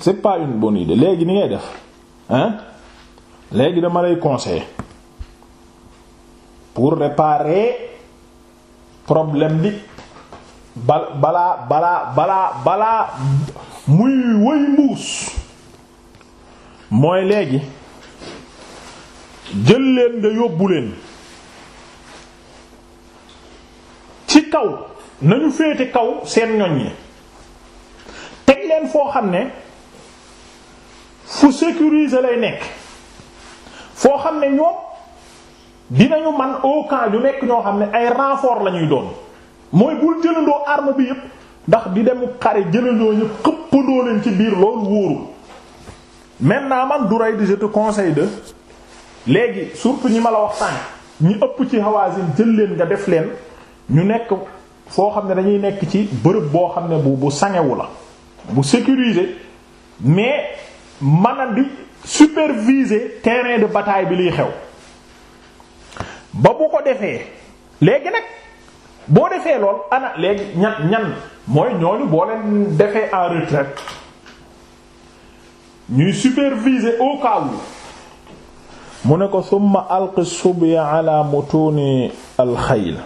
c'est pas bon bonne de léegi ni ngay def hein léegi dama lay conseiller pour réparer problème bi bal balaa balaa balaa balaa muy wëy mbuus mooy léegi jël leen nga yóbbu leen ci kaw nañu féete kaw seen ñoñ yi teg leen foo xam ne fu sécuriser lay nekk foo xam ne ñoom dinañu man au cas yu nekk ñoo xam ne ay renfort la ñuy doon mooy bul jëlandoo arme bi yëpp ndax di dem xare jëlandoo ñépp xëppandoo leen ci biir loolu wóorul maintenant man Durayd je te conseille de léegi surtout ñi ma la wax sànq ñi ëpp ci Hawazin jël leen nga def leen ñu nekk foo xam ne dañuy nekk ci bërëb boo xam ne bu bu sangewu la bu sécurisé mais mën a di superviser terrain de bataille bi liy xew ba bu ko defee léegi nag boo defee lool ana léegi ñan ñan mooy ñooñu boo leen defee en retraite ñuy superviser au cas mu ne ko summa alqi subya ala mutuni alxayl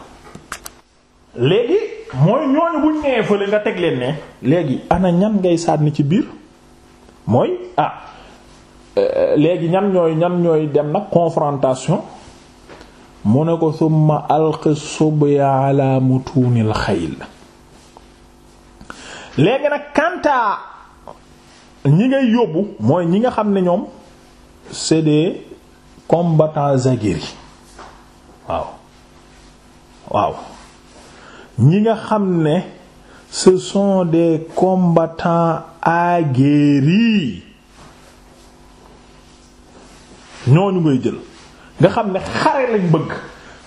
léegi mooy ñooñu buñ nee nga teg leen ne léegi ana ñan ngay sànni ci biir mooy ah euh, léegi ñan ñooy ñan ñooy dem nag confrontation mu ne ko summa alqi subya ala mutunil xayl léegi nag kanta ñi ngay yóbbu mooy ñi nga xam ne ñoom c'est des combattants aguerris waaw waaw ñi nga xam ne ce sont des combattants aguerris ñooñu ngay jël nga xam ne xare lañ bëgg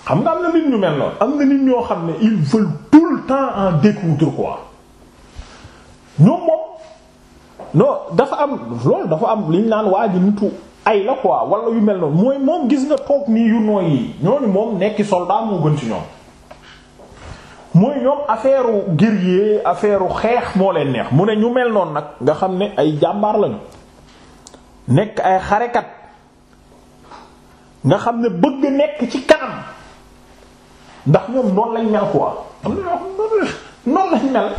xam nga am na nit ñu mel noonu am na nit ñoo xam ne ils veulent tout le temps en découdre quoi ñoom moom non dafa am loolu dafa am liñ ñu naan waa ji ay la quoi wala yu mel noonu mooy moom gis nga toog nii yu nooy yi ñooñu moom nekki soldat moo gën ci ñoom mooy ñoom affaire guerrier affaire xeex moo leen neex mu ne ñu mel noonu nag nga xam ne ay jàmbaar lañu nekk ay xarekat nga xam ne bëgg nekk ci kanam ndax ñoom noonu lañ mel quoi noonu lañ mel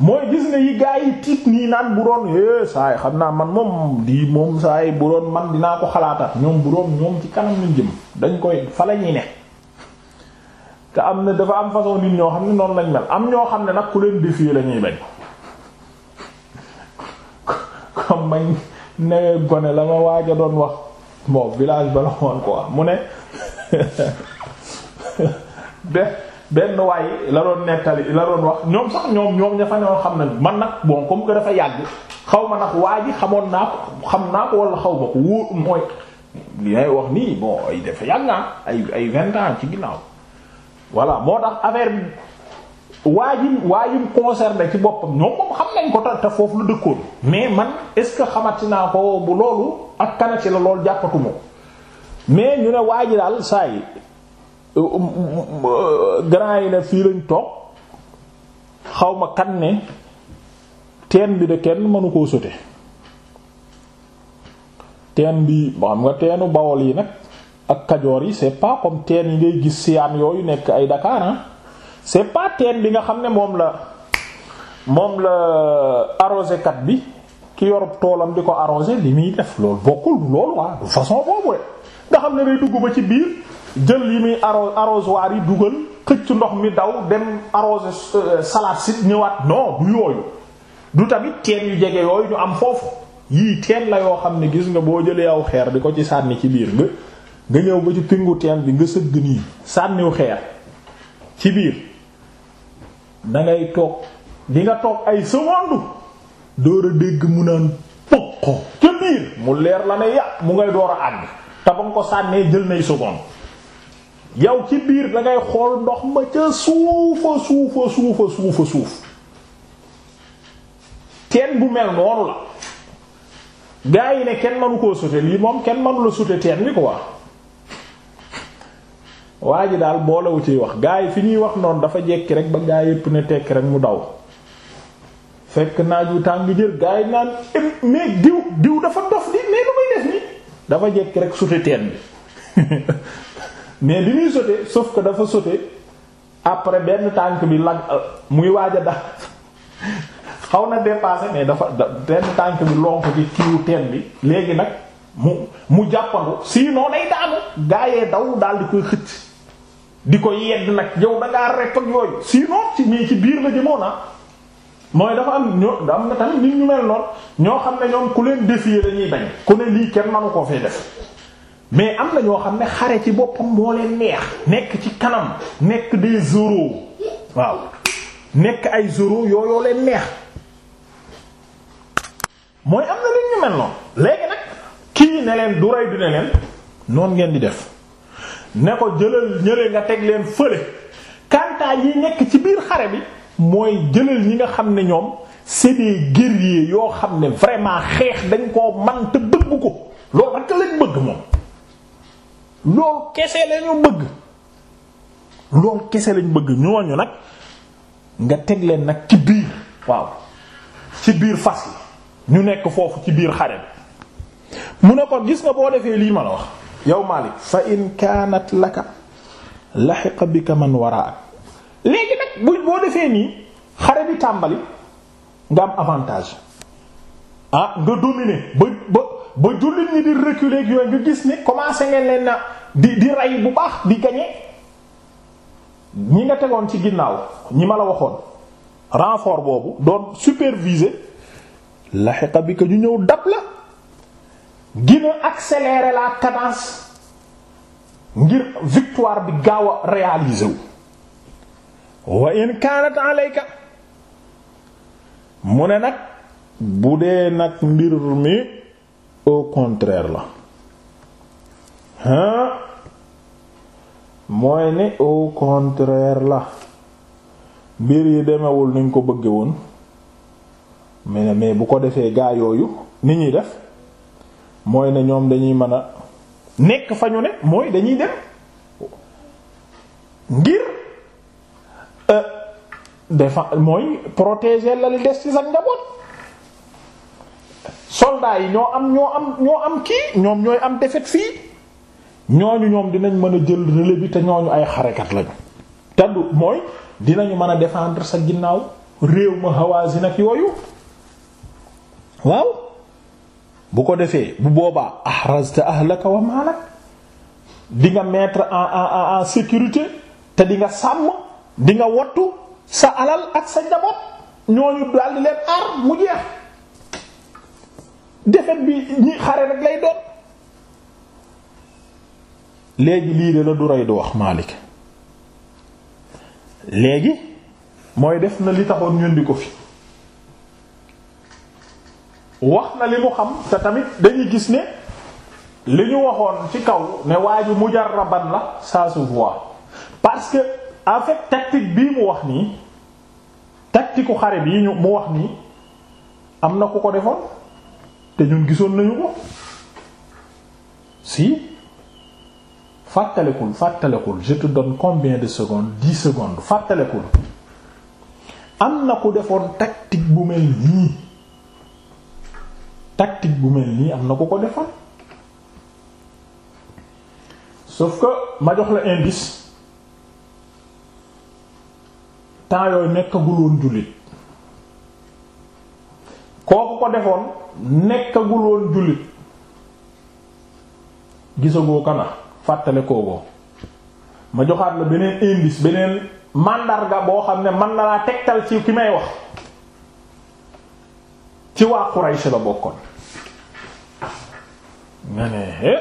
mooy gis nga yi gaa yi tiit nii naan bu doon é saay xam naa man moom di moom saay bu doon man dinaa ko xalaataat ñoom bu doon ñoom ci kanam ñu jëm dañ koy fa la ne te am na dafa am façon nit ñoo xam ne noonu lañ mel am ñoo xam ne nag ku leen défier la ñuy bañ comme mañ newee gone la ma waaja doon wax bon village ba la woon quoi mu ne de (laughs) benn waay la doon nettali la doon wax ñoom sax ñoom ñoom ña fa ñoo xam ne man nag bon comme que dafa yàgg xaw ma nag waa ji xamoon naa ko xam naa ko wala xaw ma ko mooy wax nii bon ay dafa yàgg ay ay vingt ci ginnaaw voilà moo tax affaire bi waajim waajim concerné ci boppam ñoom moom xam nañ ko te foofu lu dëkkoon mais man est-ce que xamati naa ko bu loolu ak kanati la loolu jàppatuma mais ñu ne waa daal saa yi grand yi ne fii lañ toog xaw ma kan ne teen bi de kenn mënu koo sote teen bi ba xam nga teenu bawol yi nag ak kajoor yi c'est pas comme teen yi ngay gis siyaan yooyu nekk ay Dakar ah c'est pas teen bi nga xam ne moom la moom la arrosé kat bi ki yorub toolam di ko arrosé li muy def loolu bokkul loolu waa ah, du façon boobu rek nga xam ne day ci biir jël yi muy arrose arrosoir yi dugal xëcc ndox mi daw dem arrosé euh, salade si ñëwaat non du yooyu du tamit teen yu jege yooyu ñu am foofu yii teen la yoo xam ne gis nga boo jëlee aw xeer di ko ci sànni ci biir nga nga ñëw ba ci pingu teen bi nga sëgg nii sànniw xeer ci biir da ngay toog di nga toog ay seconde door a dégg mu naan poq ca mu leer la ne ya mu ngay door a àgg te ba nga ko sànnee jël nay seconde yow ci biir da ngay xool ndox ma ca suufa suufa suufa suufa suuf teen bu mel noonu la gaa yi ne kenn manu koo sute lii moom kenn manu la sute teen bi quoi waa ji daal boolewu ciy wax gaa yi fi ñuy wax noonu dafa jekki rek ba gaa yépp ne tekki rek mu daw fekk naaj wu tàng jël gaa yi naan mais diw diw dafa dof di mais lu muy def ni dafa jekki rek sute teen bi (laughs) mais bi muy sauté sauf que dafa sauté après benn tànk bi lag euh, muy waaja a da (laughs) xaw na dépassé mais dafa benn tànk bi lonk ci kiiwu teen bi léegi nag mu mu jàppandu sinon day daanu gaayee daw daal di koy xëcc di ko yedd nag yow da ngaa rep ak yooyu sinon ci mais ci biir la jëmoon na ah. mooy dafa am ñoo am na tamit nit ñu mel noonu ñoo xam ne ñoom ku leen défier dañuy bañ ku ne lii kenn manu koo fee def mais am na ñoo xam ne xare ci boppam moo leen neex nekk ci kanam nekk des zéro waaw nekk ay zéro yooyoo leen neex mooy am na lu ñu mel noonu léegi nag kii ne leen du rey du ne leen noonu ngeen di def ne ko jëlal ñële nga teg leen fële kantaa yi nekk ci biir xare bi mooy jëlal ñi nga xam ne ñoom c'est des guerriers yoo xam ne vraiment xeex dañ koo mant te bëgg ko loolu rekk lañ bëgg moom loolu kese lañu bëgg loolu kese lañ bëgg ñooñu nag nga teg leen nag ci biir waaw ci biir fas yi ñu nekk foofu ci biir xare bi mu ne ko gis nga boo defee lii ma la wax yow Malik fa in kaanat laka laxiqa bika man waraak léegi nag bu boo defee nii xare bi tàmbali nga am avantage ah nga dominer ba ba ba jullit ñi di reculer ak yooyu nga gis ni commencé ngeen leen na di di rey bu baax bi gañe ñi nga tegoon ci ginnaaw ñi ma la waxoon renfort boobu doon superviser laxiqa bi que ñu ñëw dab la gina accélérer la cadence ngir victoire bi gaaw a réaliser wu wa in kanat alayka mu ne nag bu dee nag mbir mi au contraire la hein mooy ne au contraire la mbir yi demewul niñ ko bëgge woon mais mais bu ko defee gaa yooyu ni ñuy def mooy ne ñoom dañuy mën a nekk fa ñu ne mooy dañuy dem ngir euh, défend mooy protéger la li des ci sa njaboot soldats yi ñoo am ñoo am ñoo am kii ñoom ñooy am défaite fii ñooñu ñoom dinañ mën a jël relais bi te ñooñu ay xarekat lañu te du mooy dinañu mën a défendre sa ginnaaw réew ma Hawazin ak yooyu waaw bu ko defee bu boobaa ahrazta ahlaka wa malak di nga mettre en en en sécurité te di nga sàmm di nga wattu sa alal ak sa njaboot ñooñu daldi leen aar mu jeex defet bi ñi xare rek lay doon léegi lii de la duray du wax Maalik léegi mooy def na li taxoon ñun di ko fi wax na li mu xam te tamit dañuy gis ne li ñu waxoon ci kaw ne waa ji mujarraban la ça se voit parce que en fait tactique bii mu wax nii tactique xare bii ñu mu wax nii am na ku ko defoon te ñun gisoon nañu ko si fàttalekul fàttalekul je te donne combien de secondes dix secondes fàttalekul am na ku defoon taktik bu mel nii tactique bu mel nii am na ku ko defoon sauf que ma jox la indice temps yooyu nekkagul woon jullit ko defoon nekkagul jullit gisagoo kana fàttale kooko ma joxaat la beneen indice beneen mandarga boo xam ne man na laa tegtal ci ki may wax ci waa Quraysh la bokkoon nga ne eh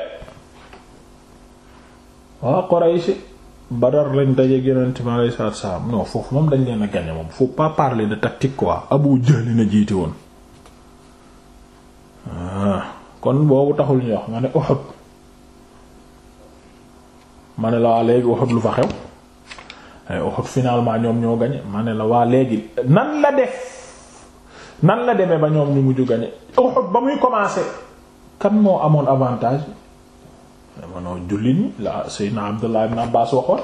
waa Quraysh Badar lañ daje Yonent mi alayhi salaatu salaam non foofu moom dañ leen a gagné moom faut pas parler de tactique quoi Abu Jahl na jiite woon ah, kon boobu taxul ñu wax nga ne Uhud ma ne la waa léegi Uhud lu fa xew eh, Uhud finalement ñoom ñoo gañe ma ne la waa léegi nan la def nan la demee ba ñoom ñu mujju gañe Uhud ba muy commencé kan moo amoon avantage eh, manoo jullit ñi la Seydina Abdullah ibn Abbas waxoon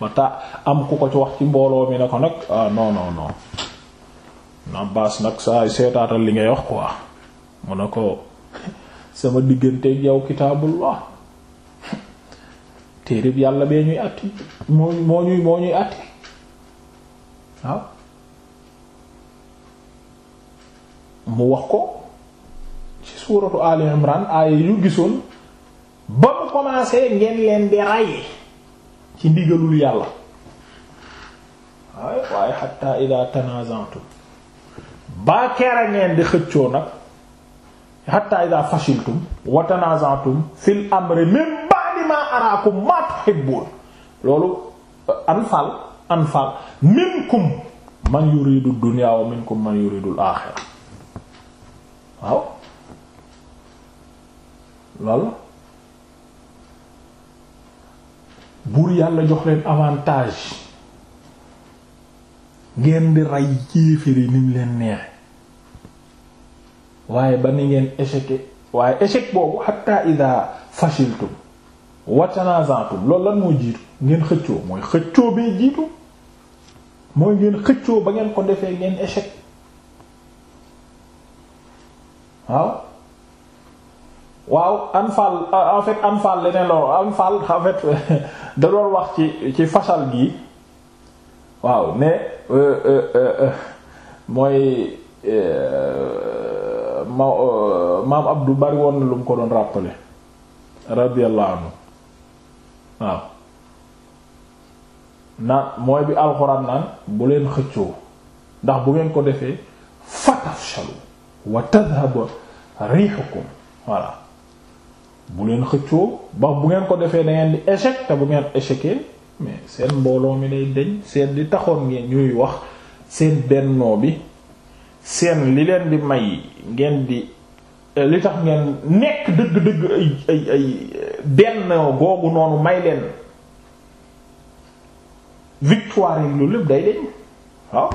ba ta am ku ko ci wax ci mbooloo mi ne ko nag ah non non non nag saa seetaatal li ngay wax quoi mu ne ko (laughs) sama digganteeg yow kitaabullah téereb yàlla bee ñuy àtti moo moo ñuy moo ñuy àtti waaw mu wax ko ci suuratu Ali Imran aaya yu gisoon ba mu commencé ngeen leen di ràyyi ci ndigalul yàlla waaye waaye hatta ida tanazantum baa kera ngeen di xëccoo nag hatta ida fashiltum wa tanazantum fil amri maa araakum maa tuhibbuun loolu euh, anfaal anfaal minkum man yuridu dunyaa wa minkum man yuridu al-aaxira waaw loolu buur yàlla jox leen avantage ngeen di rey jéeféri nim leen neexe waaye ba ni ngeen échec waaye échec boobu hatta ida fashiltum naa tanaza'tum loolu lan moo jiitu ngeen xëccoo mooy xëccoo bee jiitu mooy ngeen xëccoo ba ngeen ko defee ngeen échec waaw waaw anfaal en fait anfaal leneen loolu anfaal en fait (laughs) wax ci ci fasal gi waaw ne euh, euh, euh, mooy ma maam Abdou bari woon lu mu ko doon rappeler radiyallahu anhu waaw na mooy bi alxuraan naan bu leen xëccoo ndax bu ngeen ko defee fatafshalu wa tadhhabu rihukum voilà bu leen xëccoo ba bu ngeen ko defee da ngeen di échec te bu ngeen échecé mais seen mbooloo mi lay deñ seen li taxoon ngeen ñuy wax seen bennoo bi seen li leen di may ngeen di li tax ngeen nekk dëgg-dëgg ay ay benn googu noonu may leen victoire yi loolu lépp day deñ waaw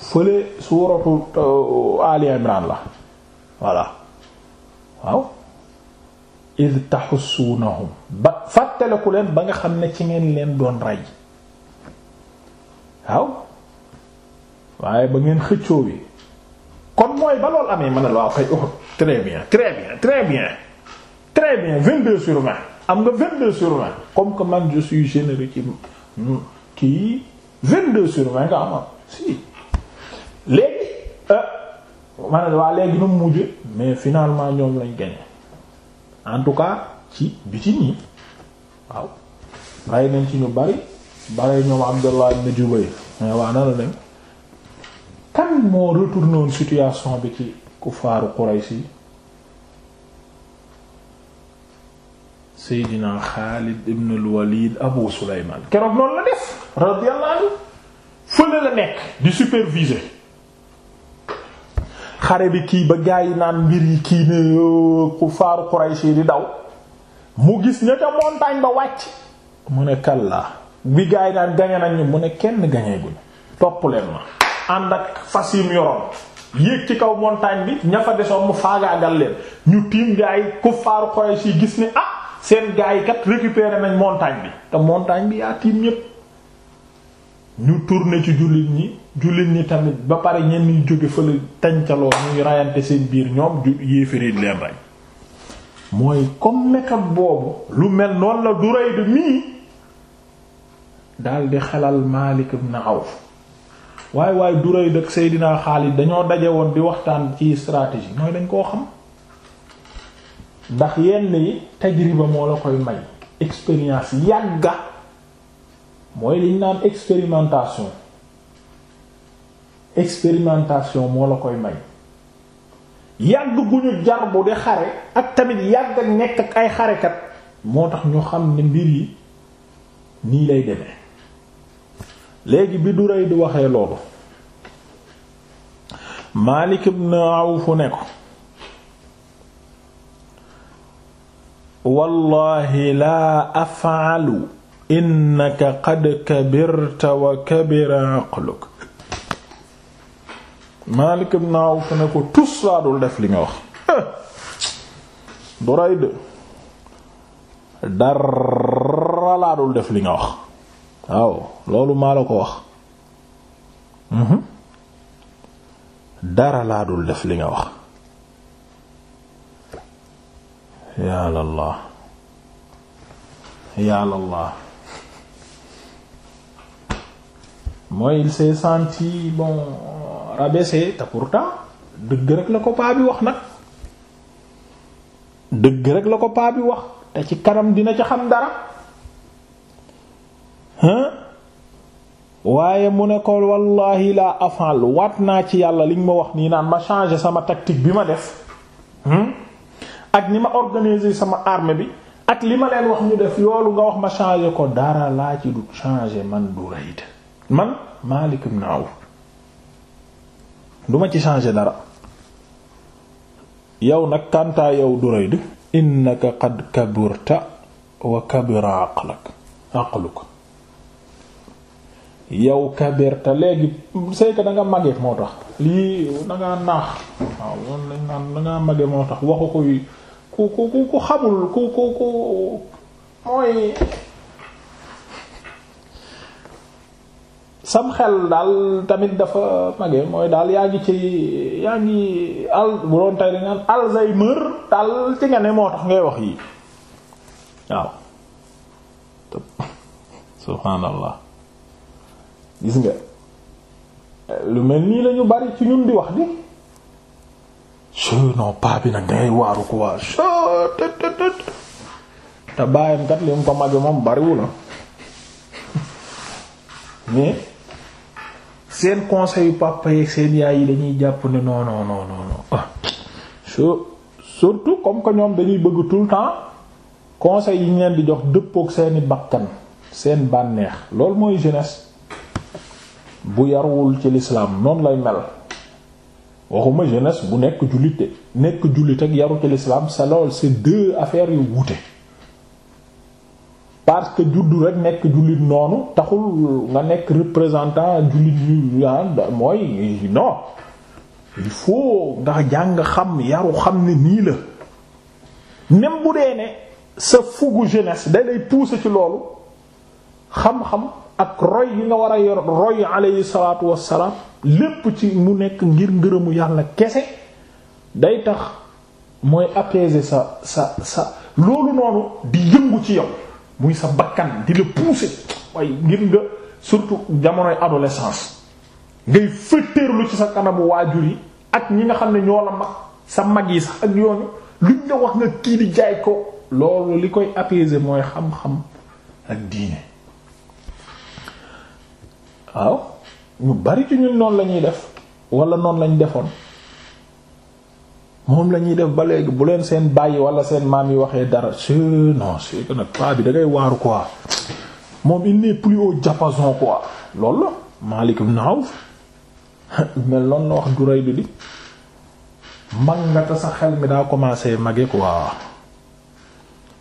fële suuratu euh, Ali Imran la voilà waaw id taxussuunahum ba fàttaleku leen ba nga xam ne ci ngeen leen doon rey waaw waaye ba ngeen xëccoo wi kon mooy ba loolu amee ma ne la waaw kay Uhud très bien très bien très bien très bien 22 sur 20 am nga 22 sur 20 comme que man je suis généreux ci kii 22 sur 20 nga amoon si léegi euh, ma ne waa léegi nu mu mais finalement ñoom lañ gagné en tout cas ci bitim yi waaw rey nañ ci ñu bari bare ñoom Abdallah ibn Jubayr mais waa nan la kan moo retourné woon situation bi ci kuffaaru Quraysi Seydina Xaalid ibn walid Abu Sulaymaan keroog noonu la def radiyallahu anhu fële la nekk di superviser xare bi kii ba gaa yi naan mbir yi kii ne kuffaaru Quraysi di daw mu gis ña ca montagne ba wàcc mu ne kallaa bi gaa yi naan gañe nañ mu ne kenn gañeeguñu topp leen ma ànd ak fas yim yoroon yéeg ci kaw montagne bi ña fa desoon mu faagaagal leen ñu tiim gaa yi kuffaaru Quraysh yi gis ni ah seen gaa yi kat récupéré nañ montagne bi te montagne bi yaa tiim ñépp ñu tourné ci jullit ñi jullit ñi tamit ba pare ñenn ñu jóge fële tancaloo ñuy rayante seen biir ñoom yéeféréet leen rey mooy comme méthode boobu lu mel noon la Durayd mii daldi xelal Maalik ibn Awf waaye waaye Durayd ak Seydina Xaalid dañoo daje woon di waxtaan ci stratégie mooy dañ koo xam ndax yenn yi tajriba moo la koy may expérience yàgga mooy liñ naan expérimentation expérimentation moo la koy may yàgg gu ñu jar bu di xare ak tamit yàgg ak nekk ak ay xarekat moo tax ñu xam ne mbir yi nii lay demee léegi bi Durayd di waxee loolu Maalik ibn Awf ne ko wallahi laa af'alu innaka qad kabirta wa kabira aqluk Maalik ibn Awf ne ko tus laa dul def li nga wax (laughs) Durayd dara laa dul def li nga wax waaw loolu maa la ko wax mhm. dara laa dul def li nga wax yàlla laa yàlla laa mooy il s'est senti bon rabaissé te pourtant dëgg rek la ko paa bi wax nag dëgg rek la ko paa bi wax te ci kanam dina ci xam dara waaye mu ne ko wallahi laa afal waat naa ci yàlla liñ ma wax nii naan ma changer sama tactique bi ma def hmm? ak ni ma organiser sama armée bi ak li ma leen wax ñu def yoolu nga wax ma changer ko dara laa ci du changer man du rayd man Maalik ibn Awf duma ci changer dara yow nag kantaa yow du rayd innaka qad kaburta wa kabira aqlak aqluka yow kabirta léegi sayka da nga moo tax lii da ngaa naax waaw loolu lañ naan da ngaa moo tax waxu koy ku ku ku xamul ku ku ku mooy sam xel daal tamit dafa mage mooy daal yaa ngi ci yaa ngi alzheimer daal ci nga ne moo tax ngay wax yi waaw subhaanallah gis nga lu mel nii lañu bari ci ñun di wax di bi nag dangay waaru ko waa te bàyyam kat moom bariwul ah. (laughs) mais seen conseil papa yeeg yi dañuy jàpp ne non ah. surtout comme que ñoom dañuy bëgg tout le temps conseil yi ñu di jox dëppook seeni bakkan seen bànneex loolu mooy jeunesse bu yarwul ci lislaam noonu lay mel waxuma jeunesse bu nekk jullit de nekk jullit ak yaru ci lislaam sa lool c'est deux affaires yu wuute parce que juddu rek nekk jullit noonu taxul nga nekk représentant jullit ñu ah, mooy non il nga jàng xam yaru xam ne nii la même bu dee ne sa fugu jeunesse day lay pousser ci loolu xam-xam ak roy yi nga war a yor roy alayhi salaatu wassalaam lépp ci mu nekk ngir ngërëmu yàlla kese day tax mooy apaiser sa sa sa loolu noonu di yëngu ci yow muy sa bakkan di la pousser waaye ngir nga surtout jamonoy adolescence ngay fëttéerlu ci sa kanamu waajur yi ak ñi nga xam ne ñoo la mag sa mag yi sax ak yoonu luñ la wax nga kii di jaay ko loolu li koy apaiser mooy xam-xam ak diine waaw ñu bari ci ñun noonu la ñuy def wala noonu lañu defoon moom la ñuy def ba léegi bu leen seen bàyyi wala seen maam yi waxee dara c'est non c'est que nag paa bi dangay ngay waaru quoi moom il n'est plus au diapason quoi loolu la Malik ibn (laughs) mel noonu la wax duray bi di mag nga te sa xel mi daa commencé mage quoi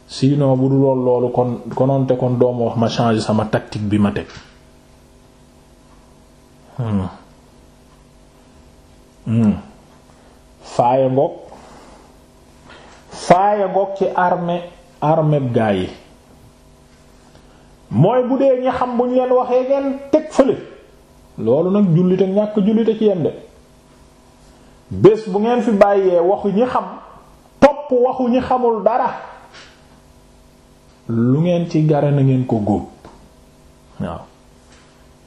sinon bu du lool loolu kon konoonte kon doomu wax ma changer sama tactique bi ma teg Hmm. Hmm. faaya ngoog faaya ngoog ci armée armée gaa yi mooy bu dee ñi xam bu ñu leen waxee ngeen teg fële loolu nag jullite ñàkk jullite ci yem de bés bu ngeen fi bàyyee waxu ñi xam topp waxu ñi xamul dara lu ngeen ci gara na ngeen ko góob waaw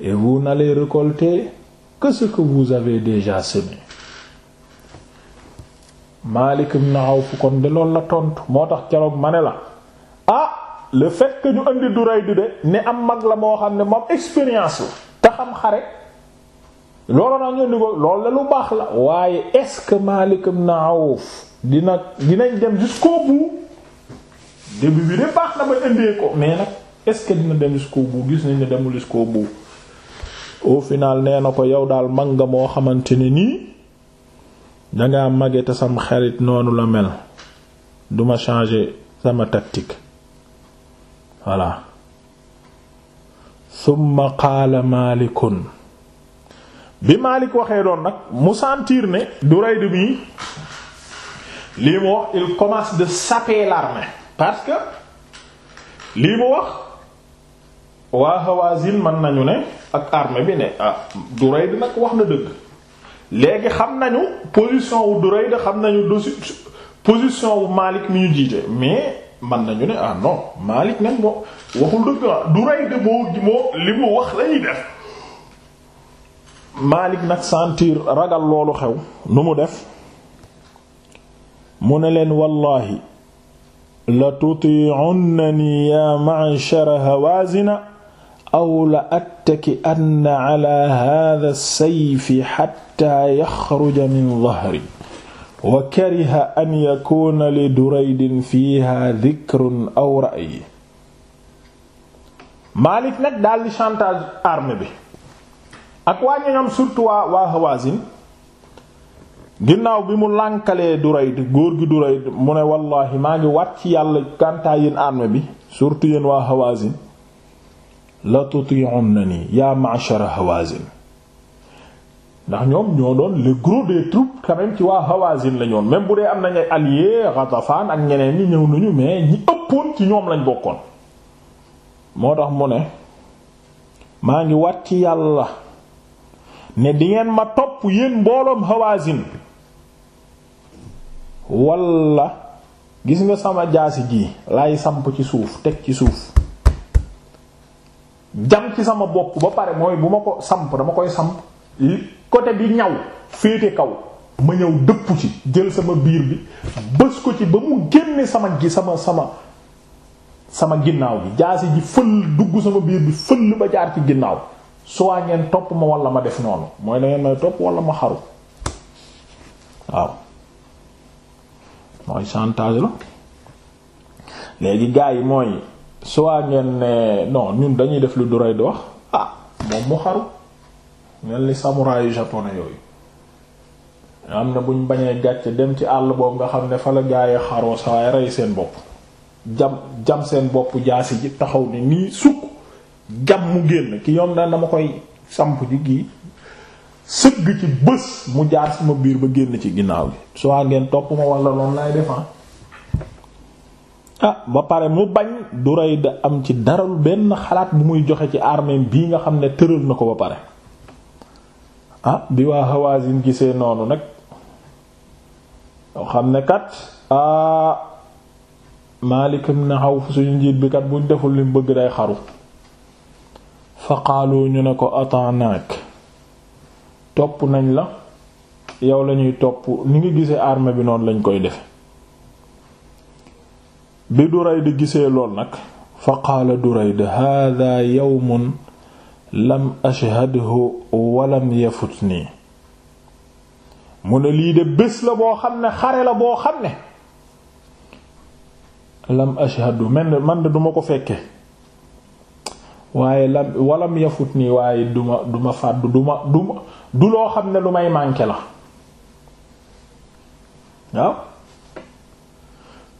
et na n'allez récolter que ce que vous avez déjà semé Malik ibn kon de loolu la tontu moo tax keroog ma ne la ah le fait que ñu indi du de ne am mag la moo xam ne moom expérience la te xam xare loolu nag ñu indi ko loolu la lu baax la waaye est-ce que Malik ibn Awf dina dinañ dem koo bout début bi de baax na ba indee ko mais nag est-ce que dina dem jusqu'au bout gis nañ ne demul jusqu'au bout au final nee na ko yow daal mag nga moo xamante ne nii danga mage te sam xarit noonu la mel duma changer sama tactique voilà summa qaala maalikun bi maalik waxee doon nag mu sentir ne du ray du mii lii mu wax il commence de saper l'armée parce que lii mu wax waa Hawazin mën nañu ne ak armée bi ne ah Durayd nag wax na dëgg léegi xam nañu position wu Durayd xam nañu dosi position wu Malik mi ñu jiite mais mën nañu ne ah non Malik nag moo waxul dëgg ah Durayd moo moo li mu wax lañuy def Malik nag sentir ragal loolu xew nu mu def mu ne leen wallahi la tuti'unnani ya ma'shara Hawazina aw la attaki anna ala hada sayfi xatta yaxruja min dahri wa kariha an yakuna li duraydin fiiha dikrun aw ra'yi Maalik nag daal di chantage arme bi ak waa ñoñam surtout waa Hawazin ginnaaw bi mu lankale Durayd góor gi Durayd mu ne wallaahi maa ngi wat ci yàlla arme bi surtout yéen waa Hawazin na ni yaa ma'shara Hawazin ndax ñoom ñoo doon le gros des troupes quand ci waa Hawazin la ñoon même bu dee am nañ ay alliés Ghatafan ak ñeneen ñi ñëw nañu mais ñi ëppoon ci ñoom lañu bokkoon moo tax mu ne maa ngi wat ci yàlla ne di ngeen ma topp yéen mbooloom Hawazin walla gis nga sama jaasi ji lay samp ci suuf teg ci suuf jam ci sama bopp ba pare mooy bu ma ko samp dama koy samp côté bi ñaw féete kaw ma ñëw dëpp ci jël sama biir bi bës ko ci ba mu génne sama gi sama sama sama ginnaaw bi jaasi ji fël dugg sama biir bi fël ba jaar ci ginnaaw soit ngeen topp ma wala ma def noonu mooy da ngeen may topp wala ma xaru waaw mooy chantage la léegi gaa yi mooy soit ngeen ne non ñun dañuy def lu duray di wax ah moom mu xaru mel ni samuraayu japonais yooyu am na buñ bañee gàcce dem ci àll boobu nga xam ne fa la gaayee xaroo sawaay rey seen bopp jam jam seen bopp jaasi ji taxaw ni nii sukk jam mu génn ki yoon na dama koy samp ji kii sëgg ci bës mu jaar ma biir ba génn ci ginnaaw gi soit ngeen topp ma wala loolu lay defan ah. ah ba pare mu bañ du rey da am ci dara benn xalaat bu muy joxe ci armée bii nga xam ne tëral na ko ba pare ah bi waa Hawazin gisee noonu nag xam ne kat ah na xaw Awf suñu njiit bi kat buñ deful lim bëgg day xaru fa ñu ne ko ata'naak topp nañ la yow lañuy topp ni nga gisee armée bi noonu lañ koy defe bi Durayd gisee lool nag fa qaala Durayd haadaa yawmun lam ashhadhu walam yafutni mu ne lii de bés la boo xam ne xare la boo xam ne lam ashhadu man man duma ko fekke waaye lam walam yafut nii waaye duma duma fàddu duma duma loo xam ne dumay may la waaw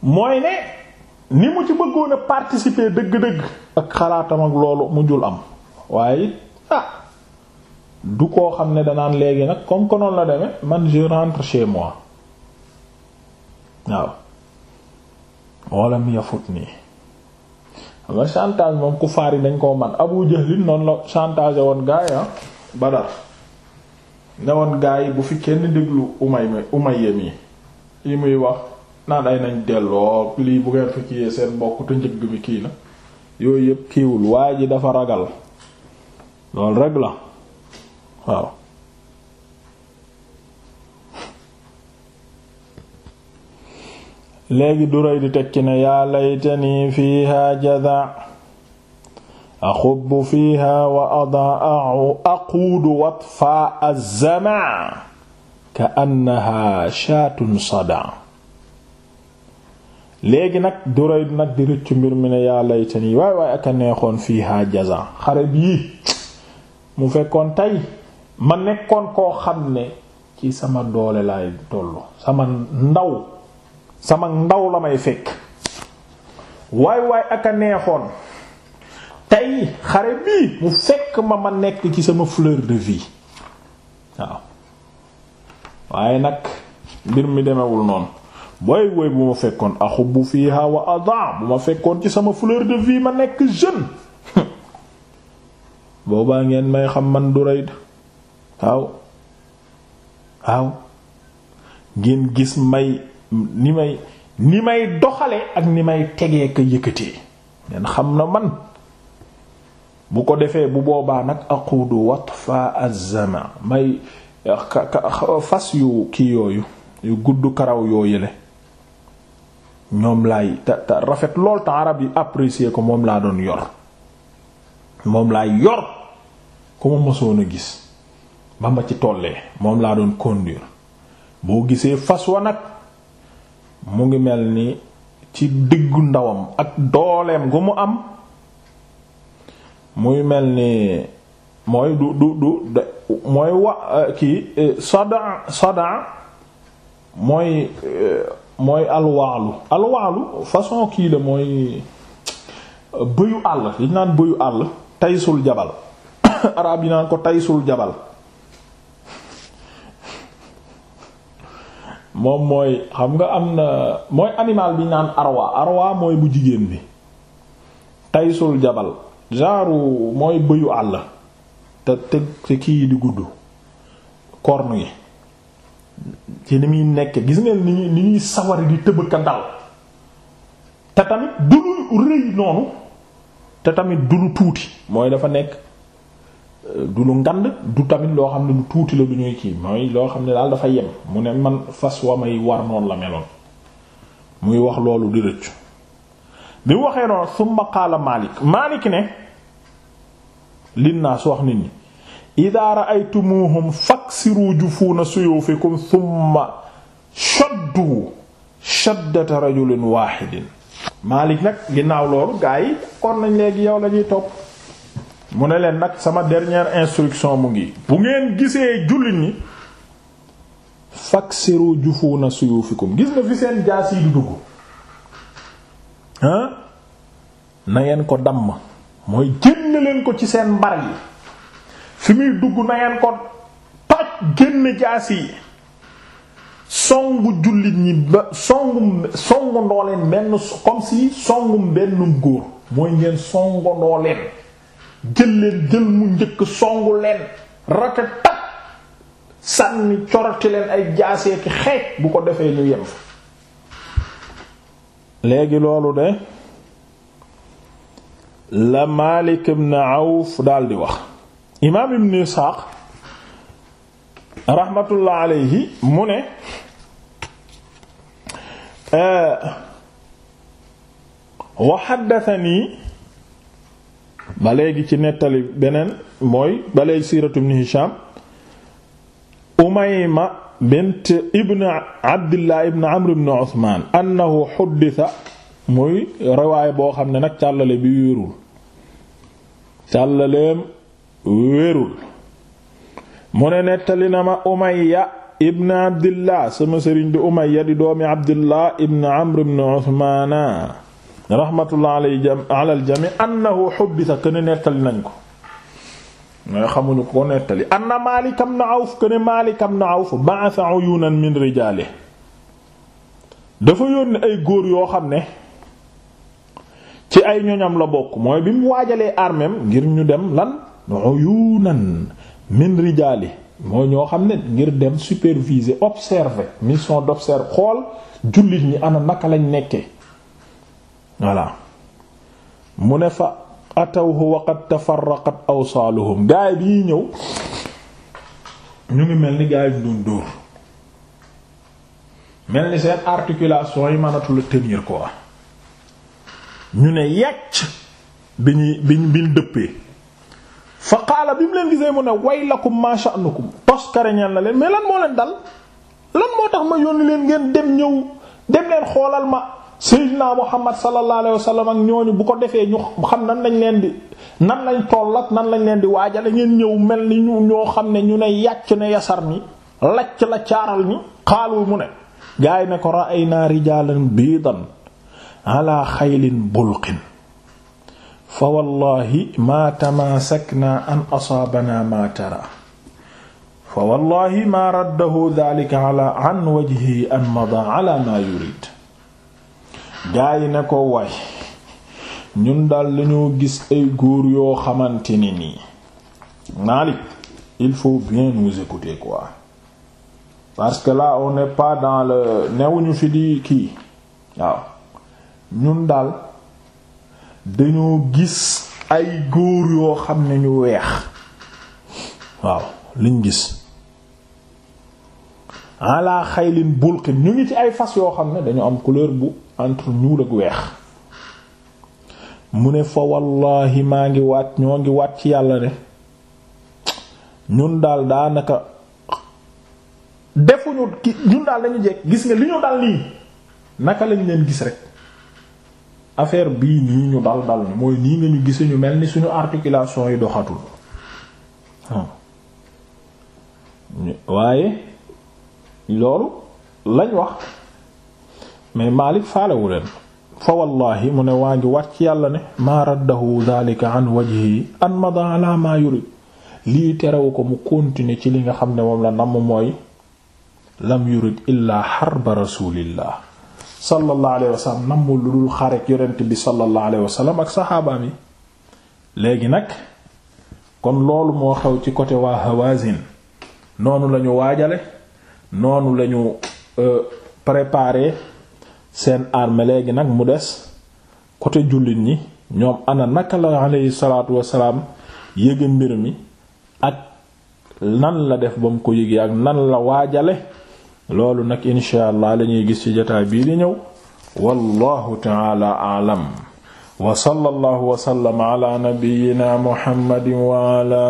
mooy ne ni mu ci bëggoon participer dëgg-dëgg ak xalaatam ak loolu mujjul am waaye ah du koo xam ne danaan léegi nag comme que noonu la demee man je rentre chez moi waaw wala mu yafut nii nga chantage moom ku faar yi dañ koo man Abu Jahl noonu la chantage woon gaay ah Badar ne woon gaay bu fi kenn déglu Umayya Umayya mi li muy wax naan ay nañ delloo lii bu ngeen ko kiiyee seen mbokk te njëg bi kii na yooyu yëpp kiiwul waa ji dafa ragal loolu rek la waaw léegi duray di tekki ne yaa laytani fiiha jaza axubu fiiha wa adau aquudu watfa azama ka annaha shaatun sada léegi nag Durayd nag di rëccu mbir mi ne yaa laytani waay waay ak a neexoon fiihaa jazaa xare bii mu fekkoon tey ma nekkoon koo xam ne ci sama doole laay tollu sama ndaw sama ndaw la may fekk waay waay ak a neexoon tey xare bii mu fekk ma ma nekk ci sama fleur de vie waaw waaye nag mbir mi demewul noonu way way bu ma fekkoon axubu fiha wa adan bu ma fekkoon ci sama fleur de vie ma nekk jeune (laughs) boobaa ngeen may xam man du rey waaw waaw ngeen gis may ni may ni may doxale ak ni may tegee ka yëkkatee ngeen xam na man bu ko defee bu boobaa nag aqudu watfa az-zaman may fas yu kii yooyu yu gudd karaw yoo yële ñoom laay te te rafet lool te arab yi apprécier ko moom laa doon yor moom laay yor ku ma mosoon a gis ba ma ci tollee moom laa doon conduire boo gisee fas wa nag mu ngi mel ni ci diggu ndawam ak dooleem gu mu am muy mel ni mooy du du du mooy wa eh, kii eh, sada sada mooy eh, mooy alwaalu alwaalu façon kii la mooy bëyu àll li naan bëyu àll taysul jabal (coughs) arab yi naan ko taysul jabal moom mooy xam nga am na mooy animal bi naan arwa arwa mooy bu jigéen bi taysul jabal genre mooy bëyu àll te te kii yi di gudd corne yi ci ni muy nekke gis ne ni ñuy ni ñuy sawari di tëb ka te tamit du lu rëy noonu te tamit du lu tuuti mooy dafa nekk euh, du lu ngand du tamit loo xam ne lu tuuti la du ñuy kii mooy loo xam ne daal dafa yem mu ne man fas wa may war noonu la meloon muy wax loolu di rëccu bi mu waxee noonu summa qaala Maalik Maalik ne lin naa su wax nit ñi idaa ra'aytumuhum faksiru jufuuna suyuufikum thumma shaddu shaddata rajulin waahidin Maalik nag ginnaaw loolu gaa yi kon nañ léegi yow lañuy topp mu ne leen nag sama dernière instruction mu ngi bu ngeen gisee jullit ñi faksiru jufuuna suyuufikum gis nga fi seen jaas yi dugg hein na ngeen ko damm mooy génn leen ko ci seen mbar fi muy dugg na ngeen ko toj génn jaasi yi songu jullit ñi ba songu songandoo leen benn comme si songum bennum góor mooy ngeen songandoo leen jël leen jël mu njëkk songu leen rate tat sànni coroti leen ay jaasee ki xeej bu ko defee ñu yem fa léegi loolu de la Maalik ibn Awf daldi wax imaam ibn Isxaaq raxmatullah alayhi mu ne eh, wa haddathanii ba léegi ci nettali beneen mooy ba léegi siiratu ibn Hisham Umayma bint ibn Abdillah ibn Amr ibn Usmaan annahu xuddisa muy riwaay boo xam ne nag càllale bi wéerul càllaleem wérul mu ne nettali na ma Umayya ibn Abdillah sama sëriñ di Umayya di doomi Abdillah ibn Amr ibn Uthman rahmatullah ala al-jami annahu hudditha ken nettali nañ ko mais xamuñu ko nettali anna Malik ibn Awf ken Malik ibn Awf ba'atha uyunan min rijalihi dafa yónni ay góor yoo xam ne ci ay ñoñam la bokk mooy bi mu waajalee armeem ngir ñu dem lan uyunan min rijaali mooy ñoo xam ne ngir dem superviser observer mission d'observer xool jullit ñi ana naka lañ nekkee voilà mu ne fa atawhu wa qad tafarraqat awsaaluhum gaay bi ñuy ñëw ñu ngi mel ni gaay bi doon dóor mel ni seen articulation yi mënatul tenir quoi ñu ne yàcc bi ñuy bi ñu dëppee fa qaala bi mu leen gisee mu ne waylakum ma sha'nukum tos kareñal na leen mais lan moo leen dal lan moo tax ma yónni leen ngeen dem ñëw dem leen xoolal ma sayyidina Muhammad sallallahu alayhi wasallam ak ñooñu bu ko defee ñu xam nan lañ leen di nan lañ toll ak nan lañ leen di waajale ngeen ñëw mel ni ñu ñoo xam ne ñu ne yàcc ne yasar mi lacc la caaral ni xaalu mu ne yi ne ko ra'ayna rijalan biidan ala xaylin bulqin fa wallaahi maa tamaasaknaa an asaabanaa maa tara fa wallaahi maa raddahu daalika ala an wajhi an madaa yurid gaa yi ne ko waay ñun daal lañoo gis ay góor yoo xamante ni nii Malik il faut bien nous écouter quoi parce que là on n'est pas dans le newuñu fi di kii ñun daal dañoo gis ay góor yoo xam ne ñu weex waaw liñ gis ala xaylin ñu ngi ci ay fas yoo xam ne dañu am couleur bu entre ñuul ak weex mu ne fa wallaahi maa ngi waat ñoo ngi waat ci yàlla ne ñun daal daanaka defuñu ki ñun daal dañu jekk gis nga li ñu dal nii naka lañ leen gis rek affaire bii nii ñu dal dal mooy nii nga ñu gise ñu mel ni suñu articulation yi doxatul waaye loolu lañ wax mais Maalik faalewu leen fa wallahi mu ne waa ngi wat ci yàlla ne maa raddahu dhalika an wajhi an ma yurid lii terewu ko mu continuer ci li nga xam ne moom la namm mooy lam yurid illa harba rasulillah sallallahu alayhi wa sallam lu dul xarek yonent bi sallallahu alayhi wa ak saxaabaam yi léegi nag kon loolu moo xew ci côté waa Hawazin noonu lañu waajale noonu lañu euh, préparer seen armée léegi nag mu des côté jullit ñi ñoom ana naka la alayhi salaatu wasalaam yége mbir mi ak nan la def ba mu ko yége ak nan la waajale loolu nag incha allah la ñuy gis ci jotaay bii di ñëw wallahu taala aalam wa sallallahu wa sallama ala nabiyyina muhammadin wa ala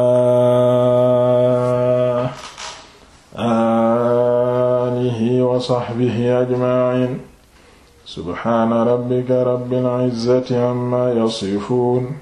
alihi wa sahbihi ajma'in subhana rabbika rabbil izzati amma yasifun